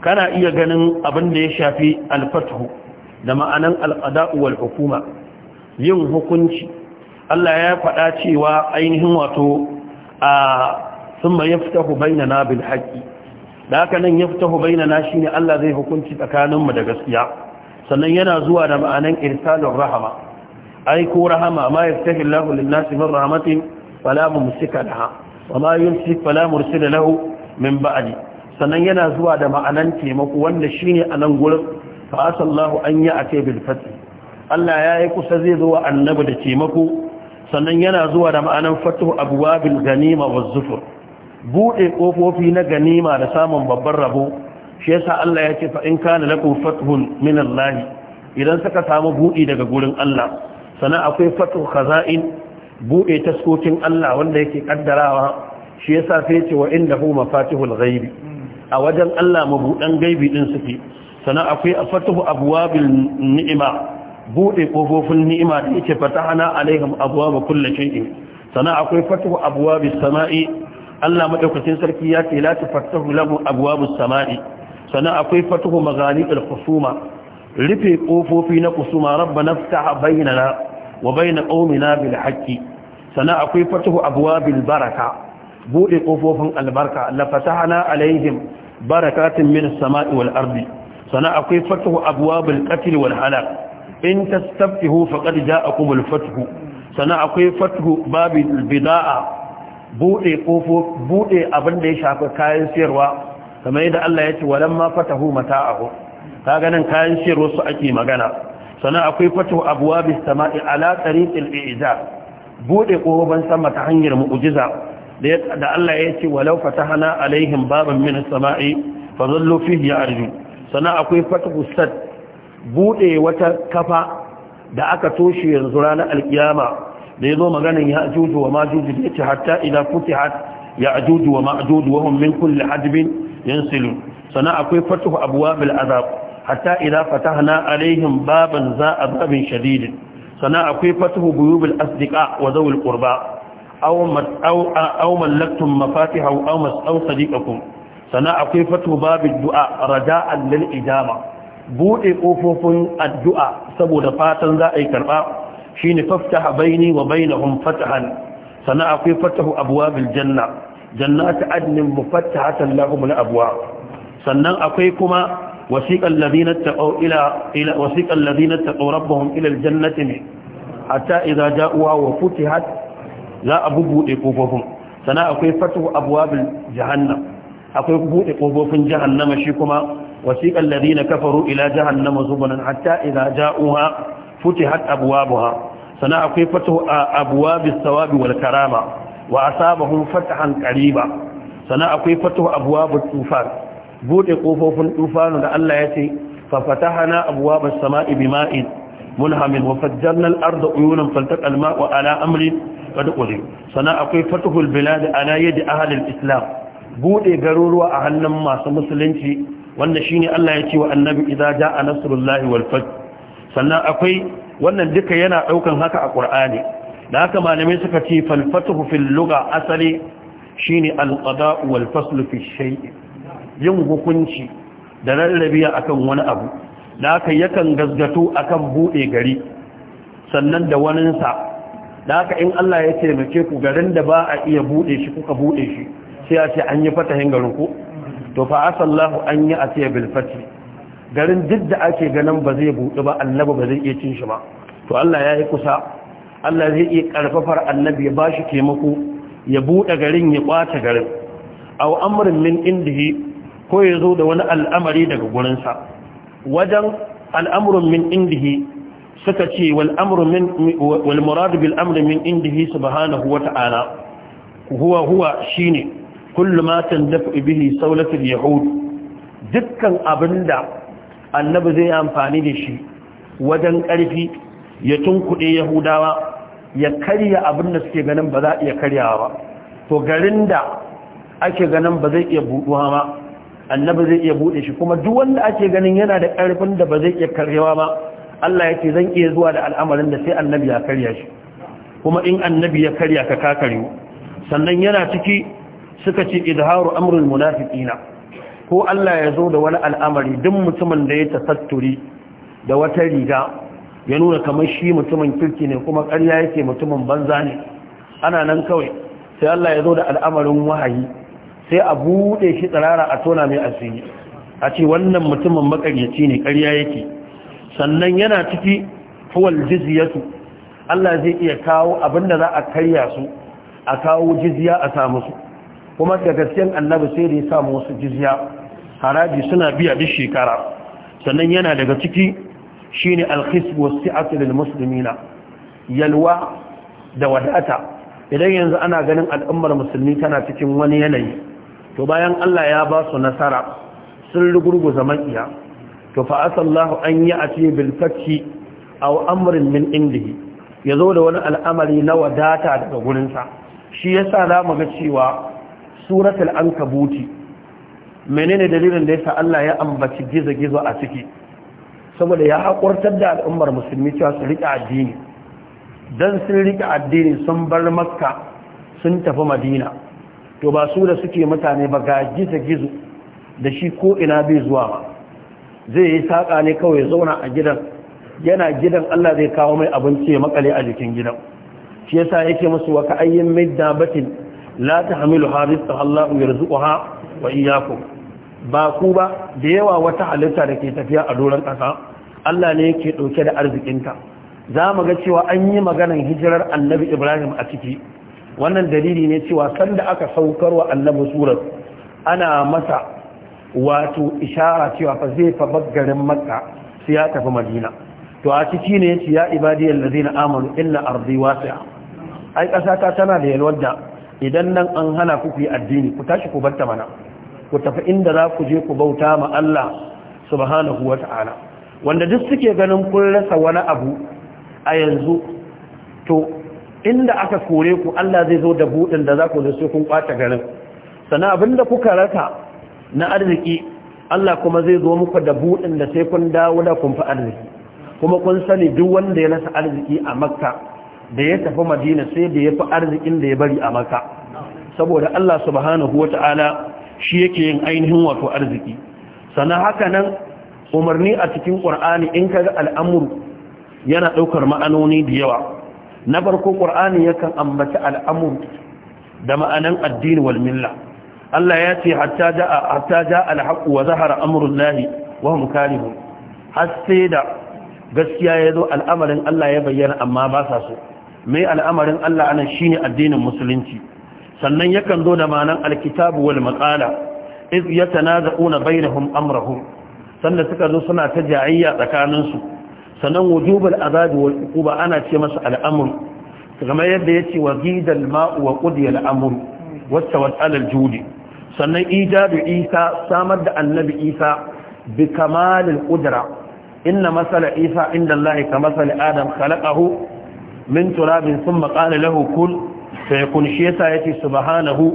[SPEAKER 1] kana iya ganin abin da ya shafi alfatu da ma'anan al'ada'u hukuma yin hukunci Allah ya faɗa cewa ainihin wato a sun ma ya fitahu na bil haƙi da haka nan ya fitahu na shi ne Allah zai hukunci tsakaninmu da gaskiya sannan yana zuwa da ma'anan irsalin rahama aiko rahama ma ya fitahi lahu linnasi min rahmatin fala mumsika laha wa ma yumsik fala mursila lahu min ba'adi sannan yana zuwa da ma'anan taimako wanda shine a nan gurin fa asallahu an ya a bil fath Allah ya yi kusa zai zo annabi da taimako sannan yana zuwa da ma'anan fatu abwabil ganima wa zufur buɗe ƙofofi na ganima da samun babban rabo shi yasa Allah ya ce fa in kana lakum fathun min Allah idan suka samu buɗi daga gurin Allah sannan akwai fatuhu kaza'in buɗe taskokin Allah wanda yake kaddarawa shi ya sai ce wa indahu mafatihul ghaibi a wajen Allah mabudan gaibi din suke sana akwai afatuhu abuwabin ni'ima buɗe ƙofofin ni'ima da yake hana alaihim abwaba kulle shay'in sana akwai fatuhu abwabis sama'i Allah madaukakin sarki ya ce la tafatahu lamu abwabus sama'i sana akwai fatuhu maghaliqil kusuma rufe ƙofofi na kusuma rabba na fita ftah bainana wa bain qaumina bil haƙƙi. sana akwai fatuhu abuwabin baraka Buɗe ƙofofin albarka la fatahna alaihim barakatun min as-sama'i wal ardi sana akwai fatahu abwabil qatl wal halak in tastaftihu faqad ja'akumul fathu sana akwai fathu babil bida'a Buɗe kofo bude abin da ya shafi kayan siyarwa kamar yadda Allah ya ce walamma fatahu mata'ahu kaga nan kayan siyarwa su ake magana sana akwai fatahu abwabis sama'i ala tariqil i'jaz Buɗe kofofin sama ta hanyar mu'jiza da Allah ya ce walau fatahna alaihim baban min as-sama'i fa zallu fihi yarju sana akwai fatu sad bude wata kafa da aka toshe yanzu ranar alkiyama da yazo maganin ya ajuju wa majuju da yace hatta idza futihat ya ajuju wa majuju wa hum min kulli hadbin yansilu sana akwai fatu abwabil azab hatta idza fatahna alaihim baban za azabin shadid sana akwai fatu buyubil asdiqa wa zawil qurba au mallaktum mafatihahu au mas'au sadiqakum sana akwai fatu babu du'a rada'an lil ijama. bude kofofin addu'a saboda fatan za a yi karba shine faftaha baini wa bainahum fatahan sana akwai fatahu abwabil janna jannatu adnin mufattahatan lahum al abwab sannan akwai kuma wasiqal ladina taqaw ila ila wasiqal ladina taqaw rabbahum ila al jannati hatta idza ja'uha wa futihat za a bubuɗe ƙofofin. sana akwai fatu abwabil jahannam akwai buɗe kofofin jahannama shi kuma wasiƙan ladina kafaru ila jahannama zubanan hatta idza ja'uha futihat abwabuha sana akwai fatu abwabis sawabi wal karama wa asabahum fatahan qariba sana akwai fatu abuwabu tufan buɗe ƙofofin tufanu da Allah ya ce fa fatahana abwabas sama'i bima'in mulhamin wafajjarnar arda uyunan faltakal ma'a ala amri wadda kuri sana akwai fatuhul biladi a na yadda ahalin islam bude garuruwa a hannun masu musulunci wanda shi ne allah ya ce wa annabi iza ja a nasarullahi walfaj sannan akwai wannan duka yana ɗaukar haka a Kur'ani. da haka malamai suka ce falfatuhu fil asali shi ne alƙada wal yin hukunci da rarrabiya akan wani abu da aka yakan gazgato akan buɗe gari sannan da waninsa da aka in Allah ya taimake ku garin da ba a iya buɗe shi kuka buɗe shi sai a ce an yi fatahin garin ku to fa asallahu an yi a tiya bil garin duk da ake ganin ba zai buɗe ba annabi ba zai iya cin shi ba to Allah ya yi kusa Allah zai iya karfafar annabi ya bashi taimako ya buɗe garin ya kwace garin aw amrin min indihi ko ya zo da wani al'amari daga gurinsa wajen al'amurin min indihi suka ce wal muradu bil amri min indihi subhanahu wa ta'ala huwa huwa shine kullu ma tandafu bihi saulatul yahudu dukkan abinda annabi zai amfani da shi wajen ƙarfi ya tunkuɗe yahudawa ya karya abinda suke ganin ba za a iya karyawa ba to garin da ake ganin ba zai iya buɗuwa ba annabi zai iya bude shi kuma duk wanda ake ganin yana da karfin da ba zai iya karyawa ba Allah ya ce zan iya zuwa da al'amarin da sai annabi ya karya shi kuma in annabi ya karya ka ka kakariyo sannan yana ciki suka ce izharu amrul munafiqina ko Allah ya zo da wani al'amari duk mutumin da ya tasatturi da wata riga ya nuna kamar shi mutumin kirki ne kuma karya yake mutumin banza ne ana nan kawai sai Allah ya zo da al'amarin wahayi sai a buɗe shi tsirara a tona mai asiri a ce wannan mutumin makaryaci ne karya yake sannan yana ciki huwal jiziyatu. Allah zai iya kawo abin da za a karya su a kawo jiziya a samu su kuma da gaskiyan annabi sai da ya samu wasu jiziya. haraji suna biya duk shekara sannan yana daga ciki shine al-khisb siatu yalwa da wadata idan yanzu ana ganin al'ummar musulmi tana cikin wani yanayi to bayan Allah ya ba su nasara sun zaman iya, to fa asallahu an yi a ce bil fathi aw amrin min indihi yazo da wani al'amari na wadata daga gurin sa shi yasa zamu ga cewa suratul ankabuti menene dalilin da yasa Allah ya ambaci gizo-gizo a ciki saboda ya hakurtar da al'ummar musulmi cewa su rika addini dan sun rika addini sun bar makka sun tafi madina to ba su da suke mutane ba ga gizo-gizo da shi ko ina bai zuwa ba zai yi saƙa ne kawai zauna a gidan yana gidan Allah zai kawo mai abinci ya makale a jikin gidan shi yasa yake musu wa ka ayyin mai dabatin la ta hamilu harista Allah ya wa iyaku ba ku ba da yawa wata halitta da ke tafiya a doron ƙasa Allah ne yake ɗauke da arzikinta za mu ga cewa an yi maganan hijirar annabi Ibrahim a ciki wannan dalili ne cewa sanda aka saukar wa annabi surar ana masa wato ishara cewa fa zai fa baggarin makka sai ya tafi madina to a ciki ne yace ya ibadiyal ladina amanu inna ardi wasi'a ai kasa ta tana da yalwar idan nan an hana ku yi addini ku tashi ku barta mana ku tafi inda za ku je ku bauta ma Allah subhanahu wata'ala wanda duk suke ganin kun rasa wani abu a yanzu to inda aka kore ku Allah zai zo da buɗin da za ku zo sai kun kwace garin sana abinda kuka raka na arziki Allah kuma zai zo muku da buɗin da sai kun dawo da kun fi arziki kuma kun sani duk wanda ya rasa arziki a makka da ya tafi madina sai da ya fi arzikin da ya bari a makka saboda Allah subhanahu ta'ala shi yake yin ainihin wato arziki sana haka nan umarni a cikin ƙur'ani in kaga al'amuru yana ɗaukar ma'anoni da yawa na farko ƙur'ani yakan ambaci al'amur da ma'anan addini wal milla Allah ya ce hatta jaa hatta wa zahara amrullahi wa hum karihun sai da gaskiya ya zo al'amarin Allah ya bayyana amma ba sa so mai al'amarin Allah anan shine addinin musulunci sannan yakan zo da ma'anan alkitabu wal maqala iz yatanaza'una bainahum amrahum sannan suka zo suna ta jayayya tsakaninsu sannan wujubal azabi wal uquba ana ce masa al'amr kamar yadda yace wa gidal ma'u wa qudiya al'amr wattawat alal judi sannan ijabu isa samar da annabi isa bi kamalil qudra inna masala isa inda allahi ka masali adam khalaqahu min turabin thumma qala lahu kun fayakun shi yasa yace subhanahu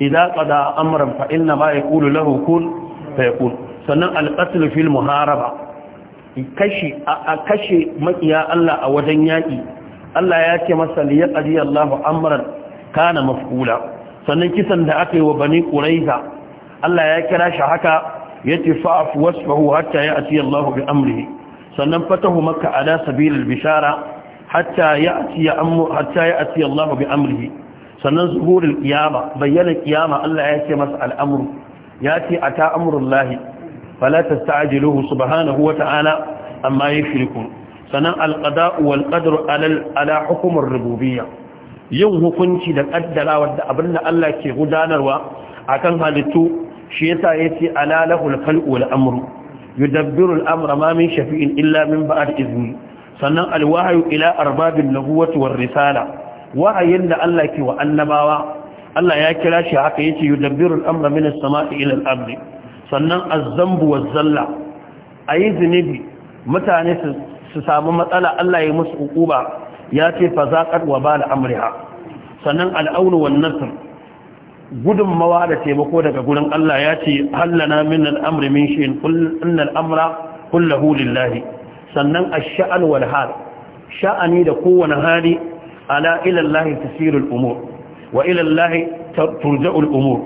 [SPEAKER 1] idza qada amran fa inna ma yaqulu lahu kun fayakun sannan al-qatl fil muharaba a kashe makiya Allah a wajen yaƙi Allah ya ce masa li yaqdi Allahu amran kana maf'ula sannan kisan da aka yi wa bani quraiza Allah ya kira shi haka yace fa'fu wasfahu hatta ya'ti Allahu bi amrihi sannan fatahu a da sabilin bishara hatta ya amru Allahu bi amrihi sannan zuhurin ƙiyama, bayyana ƙiyama Allah ya ce masa al'amru ya ce ata amrullahi fala tasta'jiluhu subhanahu wa ta'ala amma sanan alqada'u wal qadru ala ala hukm ar-rububiyyah yin hukunci da kaddarawa da abinda Allah ke gudanarwa akan halittu shi yasa yace ala lahul khalqu wal amru yudabbiru al-amra ma min shafi'in illa min ba'd izni sannan alwahayu ila arbabin nubuwati war risala wahayin da Allah ke wa annabawa Allah ya kira shi haka yace yudabbiru al-amra min as-sama'i ila al-ardi sannan zalla a ayi zunubi mutane su samu matsala Allah ya musu hukuma ya ce fa zaqat wa bal amriha sannan al'aunu wan nasr gudunmawa da taimako daga gurin Allah ya ce hallana min al'amri min shay'in qul innal amra kulluhu lillahi sannan ash-sha'an wal hal sha'ani da kowane hali ala ila Allah tasirul umur wa ila Allah umur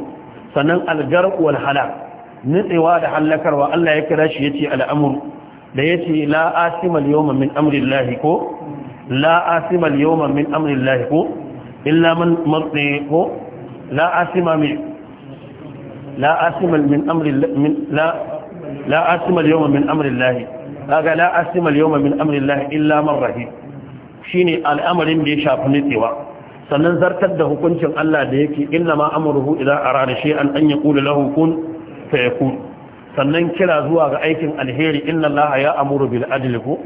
[SPEAKER 1] sannan al-garq wal halak Nitsewa da hallakarwa Allah ya kira shi ya yace al'amur da ya la la'asimal al min amri lahi ko la'asimal asima min amri lahi ko illa man marti ko la'asimal asima min la asima min amri min la la asima min amri lahi illa man rahim shine al'amarin da ya shafi nutsewa sannan zartar da hukuncin Allah da yake inna ma amruhu idan arada shay'an an yaqulu lahu kun fayakun sannan kira zuwa ga aikin alheri inna Allah ya amuru bil adli ko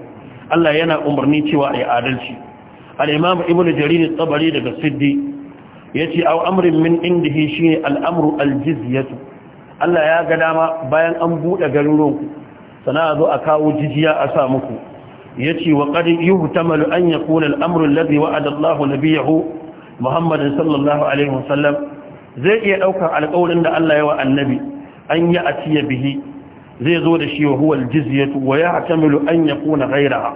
[SPEAKER 1] Allah yana umarni cewa ai adalci al-imam ibnu jarir at-tabari daga siddi yace aw amrin min indihi shine al-amru al Allah ya ga dama bayan an bude garuruwan ku sana zo a kawo jijiya a sa muku yace wa qad yuhtamalu an yakuna al-amru alladhi wa'ada Allahu nabiyahu Muhammadin sallallahu alaihi wasallam zai iya daukar alƙawarin da Allah ya wa annabi an yi atiya bihi zai zo da shi wa huwa aljizyatu wa yahtamilu an yakuna gairaha.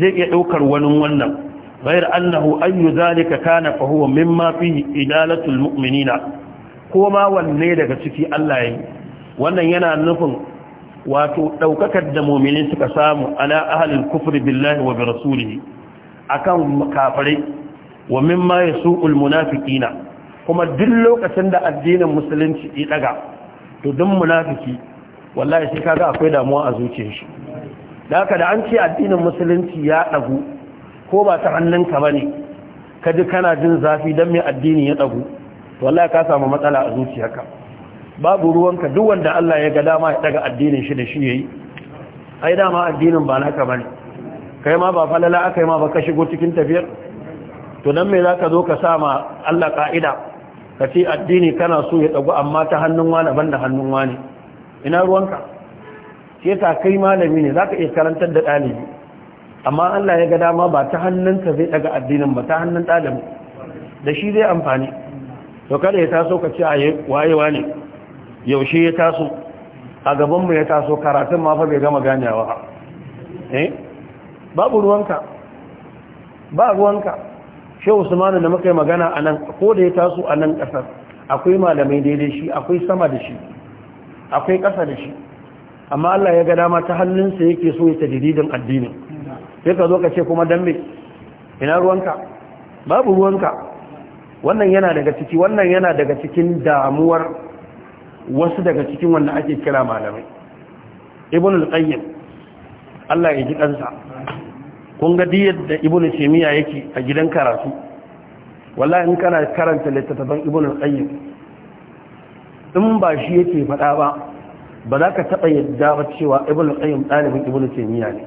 [SPEAKER 1] zai iya ɗaukar wani wannan ghayr annahu ayu zalika kana fa huwa mimma idalatul mu'minina ko ma wanne daga ciki Allah yayi wannan yana nufin wato ɗaukakar da mu'minin suka samu ala ahalin kufri billahi wa bi rasulihi akan kafare, wa mimma yasu'ul munafiqina kuma duk lokacin da addinin musulunci ya daga to dun munafiki wallahi sai kaga akwai damuwa a zuciyar shi da haka da an ce addinin musulunci ya dagu ko ba ta hannunka bane ka ji kana jin zafi dan mai addini ya dagu wallahi ka samu matsala a zuciyarka babu ruwanka duk wanda Allah ya ga dama ya daga addinin shi da shi yayi ai dama addinin ba naka bane kai ma ba falala akai ma ba ka shigo cikin tafiyar to dan me zaka zo ka sa ma Allah ka'ida ka ce addini kana so ya ɗagu amma ta hannun wani ban da hannun wani ina ruwanka ce ta kai malami ne za ka iya karantar da ɗalibi amma allah ya ga dama ba ta hannunka zai ɗaga addinin ba ta hannun ɗalibi da shi zai amfani to kada ya taso ka ce a wayewa ne yaushe ya taso a gabanmu ya taso karatun ma fa bai gama ganewa eh babu ruwanka ba ruwanka shehu usmanu da muka yi magana a nan ko da ya taso a nan ƙasar akwai malamai daidai shi akwai sama da shi akwai ƙasa da shi amma Allah ya ga dama ta hannunsa yake so ya tajididin addini sai ka zo ka ce kuma dambe ina ruwanka babu ruwanka wannan yana daga ciki wannan yana daga cikin damuwar wasu daga cikin wanda ake kira malamai ibn al-qayyim Allah ya ji kansa kun ga diyar da ibn taymiya yake a gidan karatu wallahi in kana karanta littattafan ibn qayyim in ba shi yake faɗa ba ba za ka taɓa yadda ba cewa ibn qayyim ɗalibin ibn taymiya ne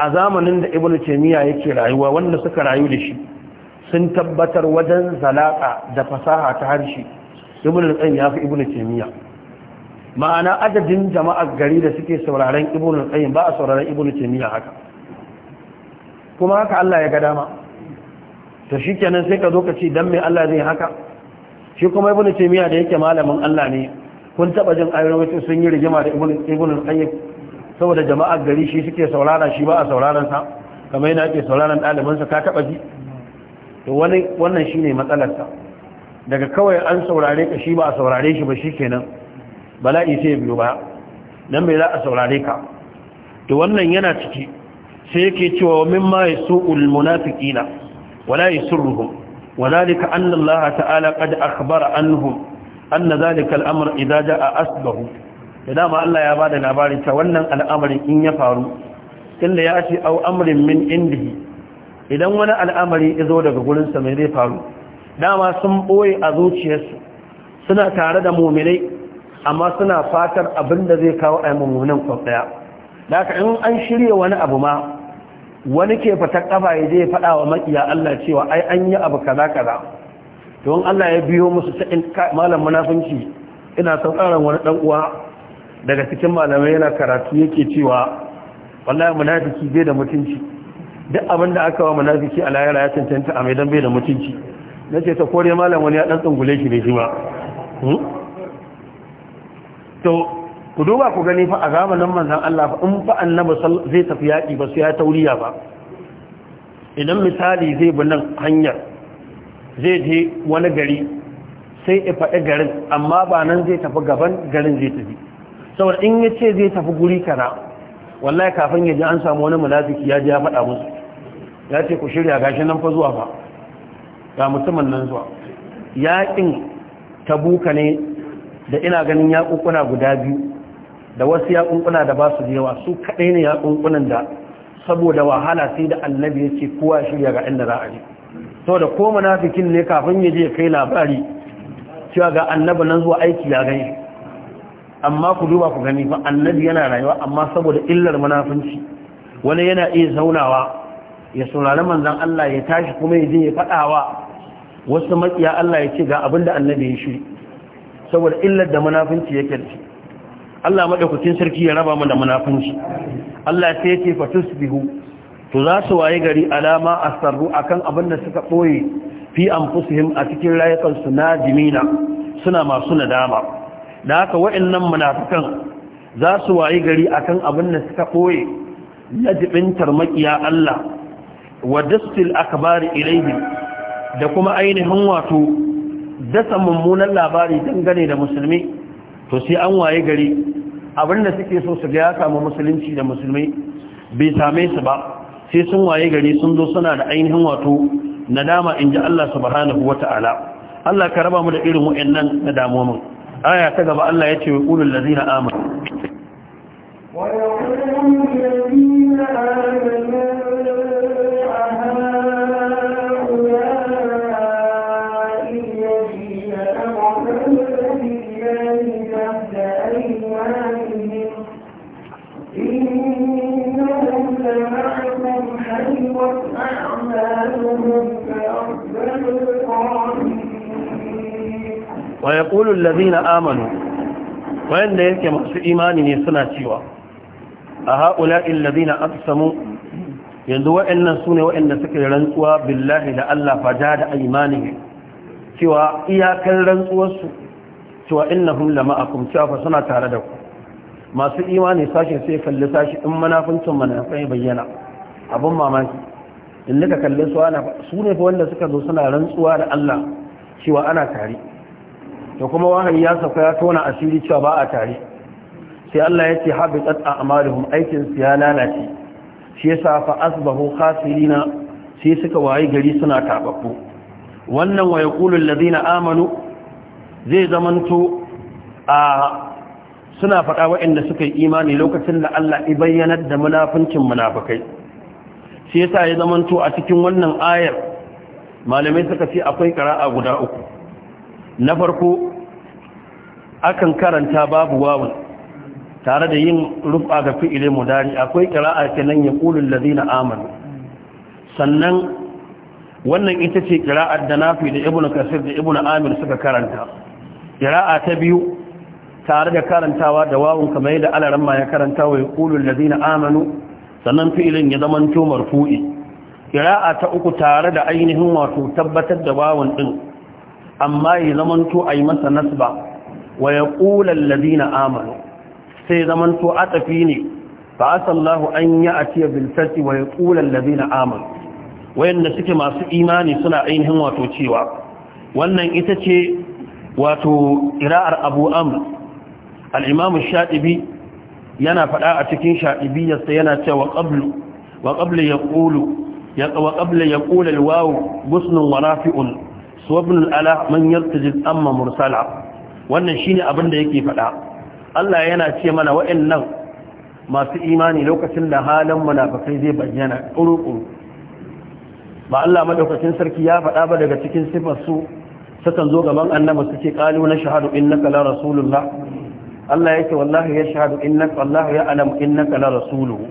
[SPEAKER 1] a zamanin da ibn taymiya yake rayuwa wanda suka rayu da shi sun tabbatar wajen zalaka da fasaha ta harshe ibn qayyim ya fi ibn taymiya ma'ana adadin jama'ar gari da suke sauraren ibn qayyim ba a sauraren ibn taymiya haka kuma haka Allah ya ga dama to kenan sai ka zo ka ce dan me Allah zai haka shi kuma ibn taymiya da yake malamin Allah ne kun taba jin ayoyin sun yi rigima da ibn al qayyim saboda jama'a gari shi suke saurara shi ba a sauraron sa kamar yana ke sauraron dalibin sa ka taba ji to wani wannan shine matsalar sa daga kawai an saurare ka shi ba a saurare shi ba shikenan bala'i sai biyo ba nan me za a saurare ka to wannan yana ciki sai yake cewa min ma ya su'ul munafikina wala ya surruhu wa zalika anna allaha ta'ala qad akhbara anhum anna zalika al'amr idza jaa asbahu idan dama Allah ya ba da labarin ta wannan al'amarin in ya faru inda yace ce au amrin min indihi idan wani al'amari ya zo daga gurin sa mai zai faru dama sun ɓoye a zuciyarsu suna tare da mu'minai amma suna fatar abinda zai kawo a yi mummunan kwafaya haka in an shirya wani abu ma wani ke fata kafa ya je ya faɗa wa makiya Allah cewa ai an yi abu kaza kaza don Allah ya biyo musu ta malam munafunci ina sauraron wani dan uwa daga cikin malamai yana karatu yake cewa wallahi munafiki bai da mutunci duk abin da aka wa munafiki a layara ya cancanta a mai dan bai da mutunci nace ta kore malam wani ya dan tsungule shi ne shi ba hmm? to ku duba ku gani fa a zamanin manzan Allah fa in fa annabi zai tafi yaƙi ba su ya tauriya ba idan misali zai bi nan hanyar zai je wani gari sai ya faɗi garin amma ba nan zai tafi gaban garin zai tafi saboda in ya ce zai tafi guri kana wallahi kafin ya ji an samu wani munafiki ya ji ya faɗa musu ya ce ku shirya gashi nan fa zuwa fa ga mutumin nan zuwa yaƙin tabuka ne da ina ganin yaƙuƙuna guda biyu da wasu yakunkuna da ba su da yawa su kaɗai ne yakunkunan da saboda wahala sai da annabi ya ce kowa shirya ga inda za a je so da ko munafikin ne kafin ya je kai labari cewa ga annabi nan zuwa aiki ya gani amma ku duba ku gani fa annabi yana rayuwa amma saboda illar munafinci wani yana iya zaunawa ya saurari manzon Allah ya tashi kuma ya je ya faɗawa wasu makiya Allah ya ce ga abinda annabi ya shi saboda illar da munafinci yake da shi Allah madaukakin sarki ya raba mu da munafunci Allah sai ya ce fatusbihu to za su waye gari alama asarru akan abin da suka boye fi anfusihim a cikin rayukan su jimina suna masu nadama da haka wa'annan munafikan za su waye gari akan abin da suka boye najibintar makiya Allah wa dastil akbari ilayhi da kuma ainihin wato dasa mummunan labari dangane da musulmi to sai an waye gari abinda suke so su ga ya samu musulunci da musulmai bai same su ba sai sun waye gari sun zo suna da ainihin wato nadama in ji Allah subhanahu wa ta'ala Allah ka raba mu da irin wa'annan na damuwa aya ta gaba Allah ya ce wa qulul ladzina amanu
[SPEAKER 3] wa yaqulu lil ladzina amanu
[SPEAKER 1] wa ya ƙulun lazina amanu wayanda yake masu imani ne suna cewa a haƙula'in lazina aksamu yanzu wa'annan su ne wa'anda suke rantsuwa billahi da Allah faja da imani cewa iyakar rantsuwarsu cewa innahum lama akum cewa fa suna tare da ku masu imani sashin sai kalli sashi in manafincin manafai bayyana abin mamaki in nika kalli su ana su ne fa wanda suka zo suna rantsuwa da Allah cewa ana tare Da kuma wahayi ya sauka ya tona asiri cewa ba a tare sai Allah ya ce habitat a'maluhum aikin su ya lalace shi yasa fa asbahu khasirina sai suka waye gari suna tababbu wannan wa yaqulu alladhina amanu zai zamanto a suna faɗa waɗanda suka yi imani lokacin da Allah ya bayyanar da munafincin munafikai sai yasa ya zamanto a cikin wannan ayar malamai suka ce akwai qira'a guda uku na farko akan karanta babu wawun tare da yin rufa ga fi'ile mudari akwai ƙira'a kenan ya qulul ladina amanu sannan wannan ita ce ƙira'ar da nafi da ibnu kasir da ibnu amir suka karanta Ƙira'a ta biyu tare da karantawa da wawun kamar yadda ma ya karanta wa ya qulul ladina amanu sannan fi'ilin ya tumar marfu'i Ƙira'a ta uku tare da ainihin wato tabbatar da wawun din amma ya zamanto a yi masa nasba wa ya ƙulan ladina sai zamanto a tafi ne ba a sallahu an yi a ciye bilfati wa ya ƙulan ladina wayanda suke masu imani suna ainihin wato cewa wannan ita ce wato ira'ar abu amur al'imamu shaibi yana faɗa a cikin shaɗibiyarsa yana cewa ƙablu wa ƙablu ya ƙulal gusnin wa rafi'un suwabnul ala man yartajil amma mursala wannan shine abin da yake faɗa Allah yana ce mana wa'in nan masu imani lokacin da halin munafakai zai bayyana ƙuruƙuru ba Allah madaukakin sarki ya faɗa ba daga cikin sifar su sukan zo gaban annama suke qalu na shahadu innaka la rasulullah Allah yake wallahi ya shahadu innaka wallahi ya alam innaka la rasuluhu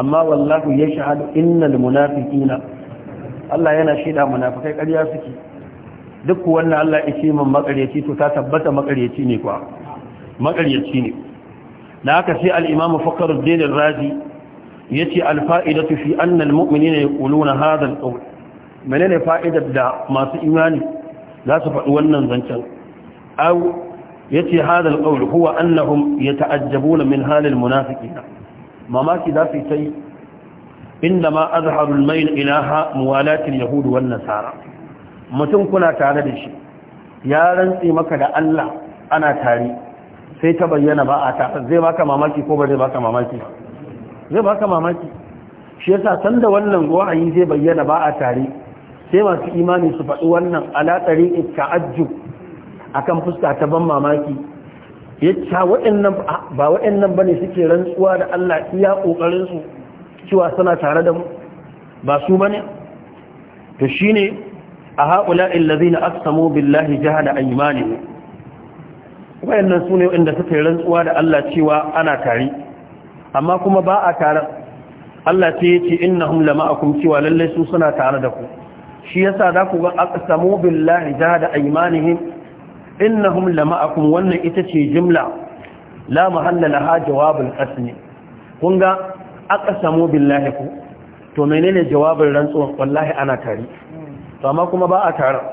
[SPEAKER 1] amma wallahi ya shahadu innal munafiqina Allah yana shaida munafikai ƙarya suke duk wannan Allah ya ce min makaryaci to ta tabbata makaryaci ne kuwa makaryaci ne da haka sai al-imamu fakhruddin ar-razi yace al-fa'idatu fi anna al-mu'minina yaquluna hadha al-qawl menene fa'idar da masu imani za su faɗi wannan zancen aw yace hadha al-qawl huwa annahum yata'ajjabuna min halil munafikina. mamaki za su yi inda ma azharu al ilaha ila muwalatil yahud wan nasara mutum kuna tare da shi ya rantsi maka da Allah ana tare sai ta bayyana ba a tafi zai baka mamaki ko ba zai baka mamaki zai baka mamaki shi yasa san da wannan wa'ayi zai bayyana ba a tare sai masu imani su faɗi wannan ala ita ajju akan fuska ta ban mamaki Ya ta waɗannan ba waɗannan bane suke rantsuwa da Allah iya kokarin su cewa suna tare da mu ba su bane to shine a haƙula illazi na aksamu billahi jiha da aimani wayannan su ne inda suka yi rantsuwa da Allah cewa ana tare amma kuma ba a tare Allah ce ya ce innahum lama'akum cewa lallai su suna tare da ku shi yasa za ku ga aqsamu billahi jahada aymanihim innahum lama'akum wannan ita ce jimla la mahalla laha jawabul qasmi kun ga aqsamu billahi ku to menene jawabin rantsuwa wallahi ana tare to amma kuma ba a taron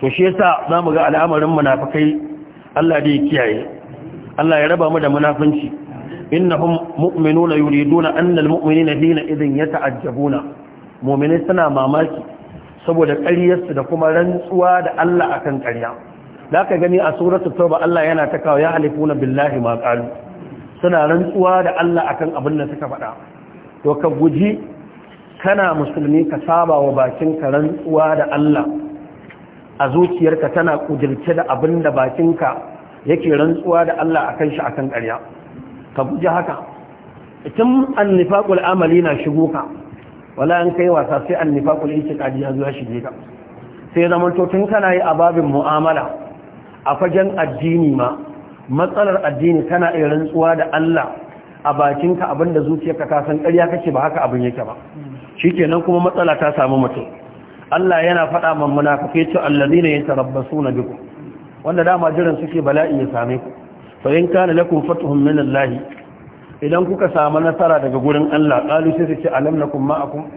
[SPEAKER 1] to shi yasa za mu ga al'amarin munafikai Allah da ya kiyaye Allah ya raba mu da munafunci innahum mu'minuna yuriduna anna almu'minina dina idin yata'ajjabuna Muminai suna mamaki saboda ƙaryarsu da kuma rantsuwa da Allah akan ƙarya da aka gani a suratu tauba Allah yana ta kawo ya halifuna billahi ma qalu suna rantsuwa da Allah akan abin da suka faɗa to ka guji kana musulmi ka saba wa bakinka rantsuwa da Allah a zuciyarka tana kujirce da abin da bakinka yake rantsuwa da Allah akan shi akan ƙarya ka guji haka tun annifaqul amali na shigo ka wala an kai wasa sai annifaqul itiqadi ya zo shige ka sai zaman to tun kana yi ababin mu'amala a fagen addini ma matsalar addini tana iya rantsuwa da Allah a bakinka abinda zuciyarka ka san ƙarya kake ba haka abin yake ba shikenan kuma matsala ta samu mutum Allah yana faɗa man munafiqai to allazina yatarabbasuna bikum wanda dama jiran suke bala'i ya same ku fa in kana lakum fatuhum min Allah idan kuka samu nasara daga gurin Allah qalu sai su ce alam nakum ma'akum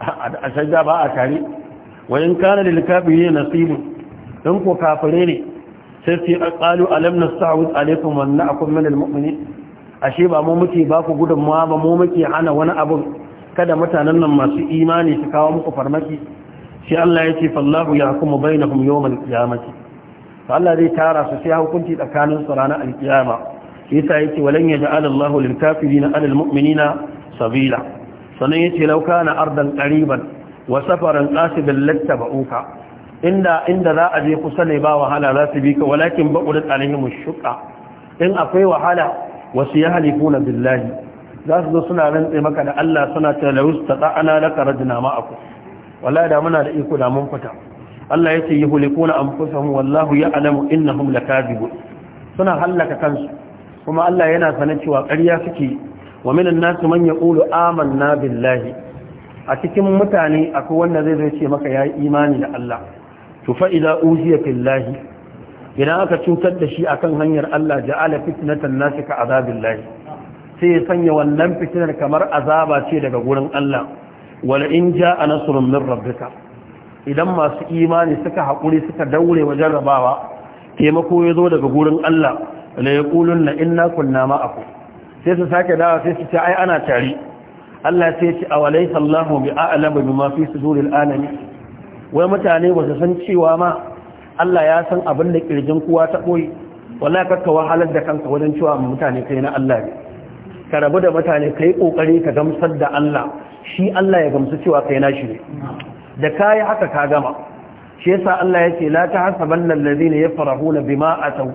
[SPEAKER 1] a shajja ba a tare wa in kana lil kafirin nasibun dan ko kafire ne sai su qalu alam nasta'ud alaykum wa na'akum min al mu'minin ashe ba mu muke ba ku gudunmuwa ba mu muke hana wani abu kada mutanen nan masu imani su kawo muku farmaki shi Allah ya ce fallahu ya hukumu bainahum yawmal qiyamati to Allah zai tara su sai hukunci tsakanin su ranar alkiyama yasa yace walan yaj'al Allahu lil kafirina 'ala al mu'minina sabila sanan yace law kana ardan qariban wa safaran qasidan uka inda inda za a je kusa ne ba wahala za su bi ka walakin ba'udat alaihim shuka. in akwai wahala wasu na billahi za su zo suna rantse maka da Allah suna ta laus ta tsa'ana da karajina ma'aku wallahi da muna da iko da mun fita Allah yace yuhlikuna anfusahum wallahu ya'lamu innahum lakadibun suna hallaka kansu kuma Allah yana sanin cewa ƙarya suke wa minan nasu man yaqulu amanna billahi a cikin mutane akwai wanda zai zai ce maka yayi imani da Allah to fa idza uziya billahi idan aka cutar da shi akan hanyar Allah ja'ala fitnatan nasi ka azabillahi sai ya sanya wannan fitinar kamar azaba ce daga gurin Allah wala in a nasrun min rabbika idan masu imani suka haƙuri suka daure wajen rabawa taimako ya zo daga gurin Allah la yaqulunna inna kunna ma'akum sai su sake dawa sai su ce ai ana tare Allah sai ya ce awalaysa Allahu bi'a'lamu bima fi suduril alamin wai mutane ba su san cewa ma Allah ya san abin da kirjin kowa ta boye wallahi kakka wahalar da kanka wajen cewa mutane kai na Allah ne ka rabu da mutane ka yi ƙoƙari ka gamsar da Allah shi Allah ya gamsu cewa kai nashi ne da ka yi haka ka gama shi yasa Allah ya ce la ta ban lallazi ne ya farahu na bima a tau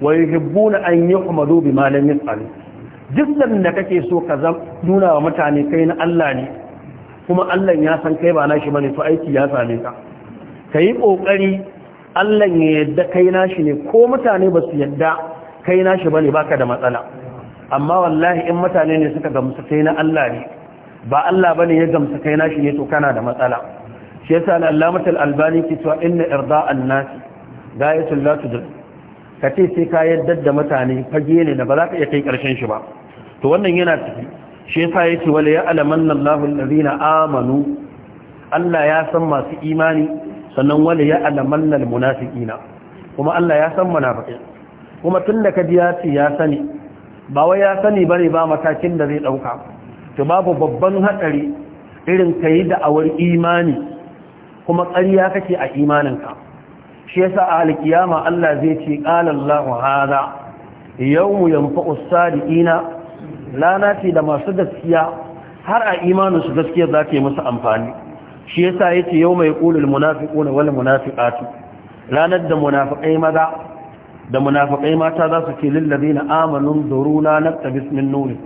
[SPEAKER 1] wa yi hibbu na an yi umaru bima lam yas'alu duk da kake so ka nuna wa mutane kai na Allah ne kuma Allah ya san kai ba nashi ne to aiki ya same ka Ka yi ƙoƙari Allah ya yadda kai nashi ne ko mutane ba su yadda kai nashi bane baka da matsala amma wallahi in mutane ne suka gamsu kai na Allah ne ba Allah bane ya gamsu kai na shi ne to kana da matsala shi yasa al-allamatul albani ke cewa inna irda'an nas gayatul la tudr kace sai ka yaddar da mutane fage ne da ba za ka iya kai karshen shi ba to wannan yana ciki shi yasa yace wala ya'lamanna Allahu allazina amanu Allah ya san masu imani sannan wala ya'lamanna almunafiqina kuma Allah ya san munafiqin kuma tunda kaji ya ce ya sani ba wai ya sani bane ba matakin da zai ɗauka. ta babu babban haɗari irin kai da awar imani kuma ƙarya kake a imaninka shi yasa a alkiyama Allah zai ce qala Allahu hada yawmu yanfa'u sadiqina lana ce da masu gaskiya har a imaninsu gaskiya za yi musu amfani shi yasa yace yawma yaqulu almunafiquna wal munafiqatu ranar da munafiqai maza da munafakai mata za su ce lillazina amanu na naqtabis min nuni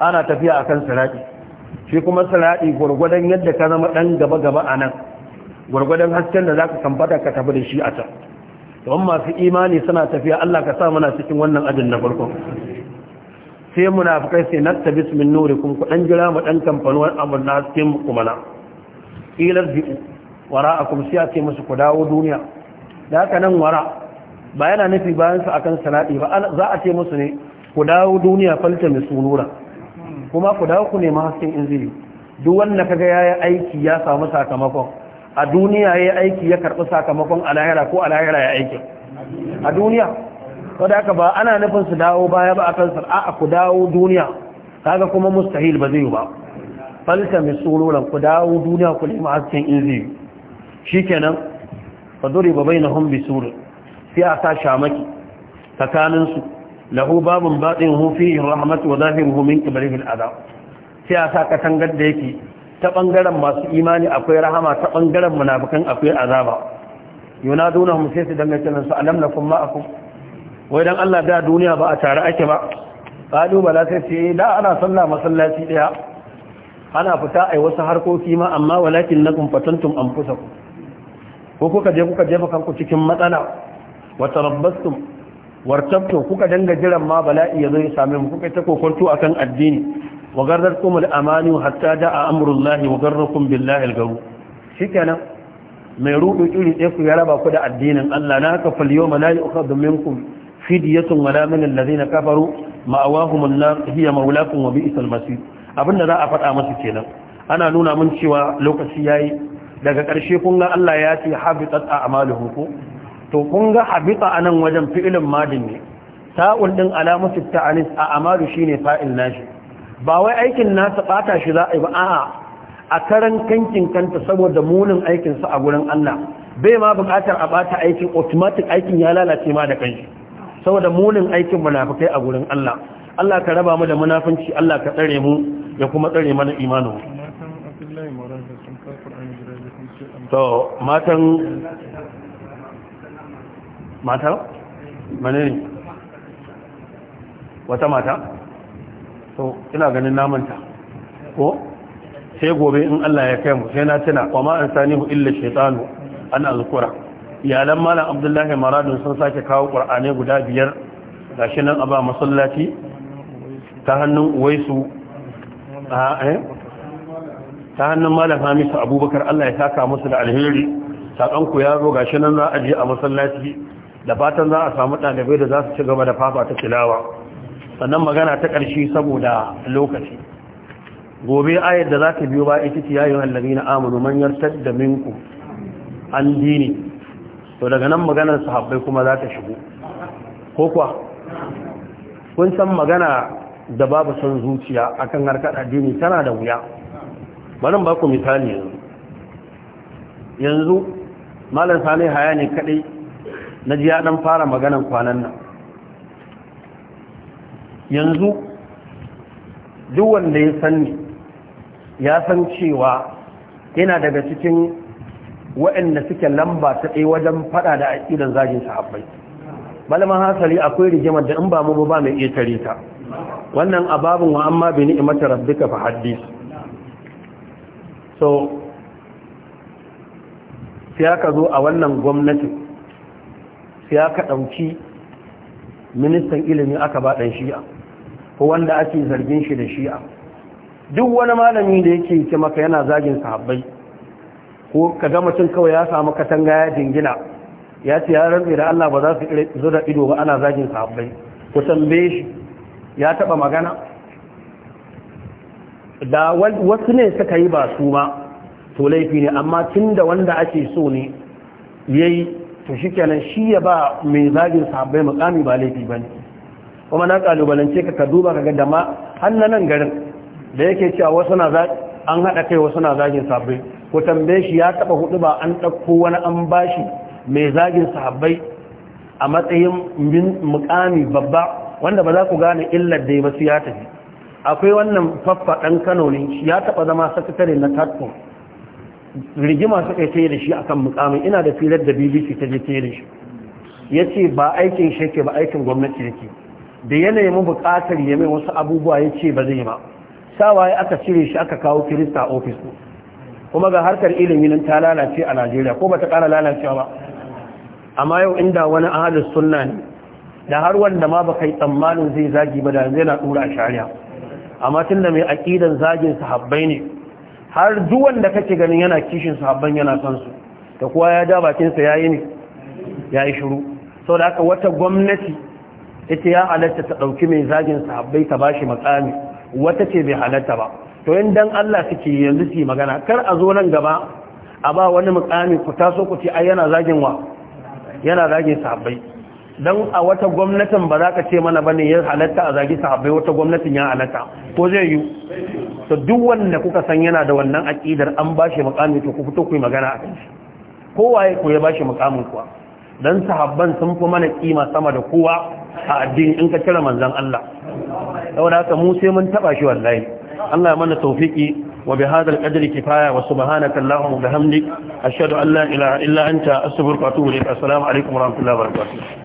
[SPEAKER 1] ana tafiya a kan saraɗi shi kuma saraɗi gwargwadon yadda ka zama ɗan gaba gaba a nan. Gwargwadon hasken da za zaka kamfata ka tafi da shi a can don masu imani suna tafiya Allah ka sa muna cikin wannan ajin na farko sai munafikai sai natta bismin kuma ku ɗan jira mu ɗan kamfanuwar abun na cikin kuma na ce musu ku dawo duniya da nan wara ba yana nufi bayan su akan sanadi ba za a ce musu ne ku dawo duniya falta mai sunura kuma ku dawo ku nema hasken inzili duk wanda kaga yi aiki ya samu sakamakon a duniya ya yi aiki ya karbi sakamakon a lahira ko a lahira ya aiki a duniya wanda aka ba ana nufin su dawo baya ba akan sa a ku dawo duniya kaga kuma mustahil ba zai yi ba falta mai sunuran ku dawo duniya ku nema hasken inzili shikenan faduri bainahum bisurin sai a sa shamaki tsakaninsu lahu babun baɗin fi rahmat wa zahirin humin ibrahim azab sai a sa katangar da yake ta bangaren masu imani akwai rahama ta bangaren munafikan akwai azaba yunaduna duna sai su dangace nan su alam lakum kuma wai dan Allah da duniya ba a tare ake ba qalu bala sai ce da ana sallah masallaci daya ana fita ai wasu harkoki ma amma walakin lakum fatantum anfusakum ko kuka je kuka jefa kanku cikin matsala wata rabbastum wartabtum kuka danga jiran ma bala'i yazo ya same mu kuka ta kokonto akan addini wa garrakum al-amani hatta da'a amrullahi wa garrakum billahi al-garu shikenan mai rudu iri ɗaya ku ya raba ku da addinin Allah na haka fal yawma la yu'khadhu minkum fidyatun wala min alladhina kafaru ma'awahum an-nar hiya mawlakum wa bi'sal masir abinda za a faɗa masa kenan ana nuna mun cewa lokaci yayi daga ƙarshe kun ga Allah ya ce habitat ko to kun ga habita anan wajen fi'ilin madin ne ta'ul ɗin alamatu ta'anis a amaru shine fa'il nashi ba wai aikin nasa bata shi za a yi ba a'a a karan kankin kanta saboda munin aikin a gurin Allah bai ma bukatar a bata aikin automatic aikin ya lalace ma da kanshi saboda munin aikin munafikai a gurin Allah Allah ka raba mu da munafunci Allah ka tsare mu ya kuma tsare mana imanin matan mata mane wata mata to ina ganin namanta ko sai gobe in Allah ya kai mu sai na tuna wa ma ansanihu illa shaytanu an azkura iyalan malam abdullahi maradun sun sake kawo qur'ane guda biyar gashi nan aba masallaci ta hannun Waisu a eh ta hannun malam hamisu abubakar Allah ya saka musu da alheri saƙonku ya zo gashi nan za a je a masallaci da fatan za a samu ɗalibai da za su ci gaba da fafa ta tilawa sannan magana ta ƙarshe saboda lokaci gobe ayar da za ta biyo ba ita ce yayin allabi na amuru man yartar da minku an dini to daga nan maganar sahabbai kuma za ta shigo ko kuwa kun san magana da babu son zuciya a kan harkar addini tana da wuya bari ba ku misali yanzu yanzu malam sani haya ne kaɗai na ji ya fara maganan kwanan nan yanzu duk wanda ya sani ya san cewa yana daga cikin waɗanda suke lamba ta ɗaya wajen faɗa da aƙidan zagin sahabbai malaman hasali akwai rigimar da in ba mu ba mai iya tare ta wannan ababin wa amma bi ni'imati rabbika fa hadis so sai ka zo a wannan gwamnatin ya ka ɗauki ministan ilimi aka ba ɗan shi'a ko wanda ake zargin shi da shi'a duk wani malami da yake yake maka yana zagin sahabbai ko ka ga mutum kawai ya samu katanga ya jingina ya ce ya rantsi da Allah ba za su zo da ido ba ana zagin sahabbai ku tambaye shi ya taba magana da wasu ne suka yi ba su ma to laifi ne amma tun da wanda ake so ne yayi to kenan shi ya ba mai zagin sahabbai mukami ba laifi ba ne kuma na kalubalance ka ka duba kaga da ma nan garin da yake cewa wasu na za an haɗa kai wasu na zagin sahabbai ko tambaye shi ya taba hudu ba an dauko wani an bashi mai zagin sahabbai a matsayin mukami babba wanda ba za ku gane illar da ya ba su ya tafi akwai wannan faffaɗan kano ne ya taɓa zama sakatare na tattoo rigima suka yi da shi akan mukamin ina da filar da bbc ta je ta da shi ya ba aikin ke ba aikin gwamnati yake da yanayin bukatar ya mai wasu abubuwa ya ce ba zai ba sawa ya aka cire shi aka kawo kirista ofis kuma ga harkar ilimi nan ta lalace a najeriya ko ba ta kara lalacewa ba amma yau inda wani ahalus sunna ne da har wanda ma ba kai tsammanin zai zagi ba da yanzu yana dura a shari'a amma tun da mai aƙidan zagin sahabbai ne har duk wanda kake ganin yana kishin sahabban yana son su da kowa ya ja bakinsa sa yi ne ya yayi shiru da haka wata gwamnati ita ya halatta ta ɗauki mai zagin sahabbai ta bashi mukami wata ce bai halatta ba to in dan Allah suke yanzu su magana kar a zo nan gaba a ba wani mukami ku taso ku ce ai yana zagin wa yana zagin sahabbai don a wata gwamnatin ba za ka ce mana bane ya halatta a zagi sahabbai wata gwamnatin ya halatta ko zai yi to duk wanda kuka san yana da wannan aƙidar an ba shi mukami to ku fito ku yi magana a kan shi kowaye ku ya ba shi mukamin kuwa don sahabban sun fi mana kima sama da kowa a addini in ka cire manzon Allah saboda haka mu sai mun taba shi wallahi Allah ya mana tawfiki وبهذا القدر كفاية وسبحانك اللهم
[SPEAKER 3] وبحمدك أشهد أن لا إله إلا أنت أستغفرك وأتوب إليك السلام عليكم ورحمة الله وبركاته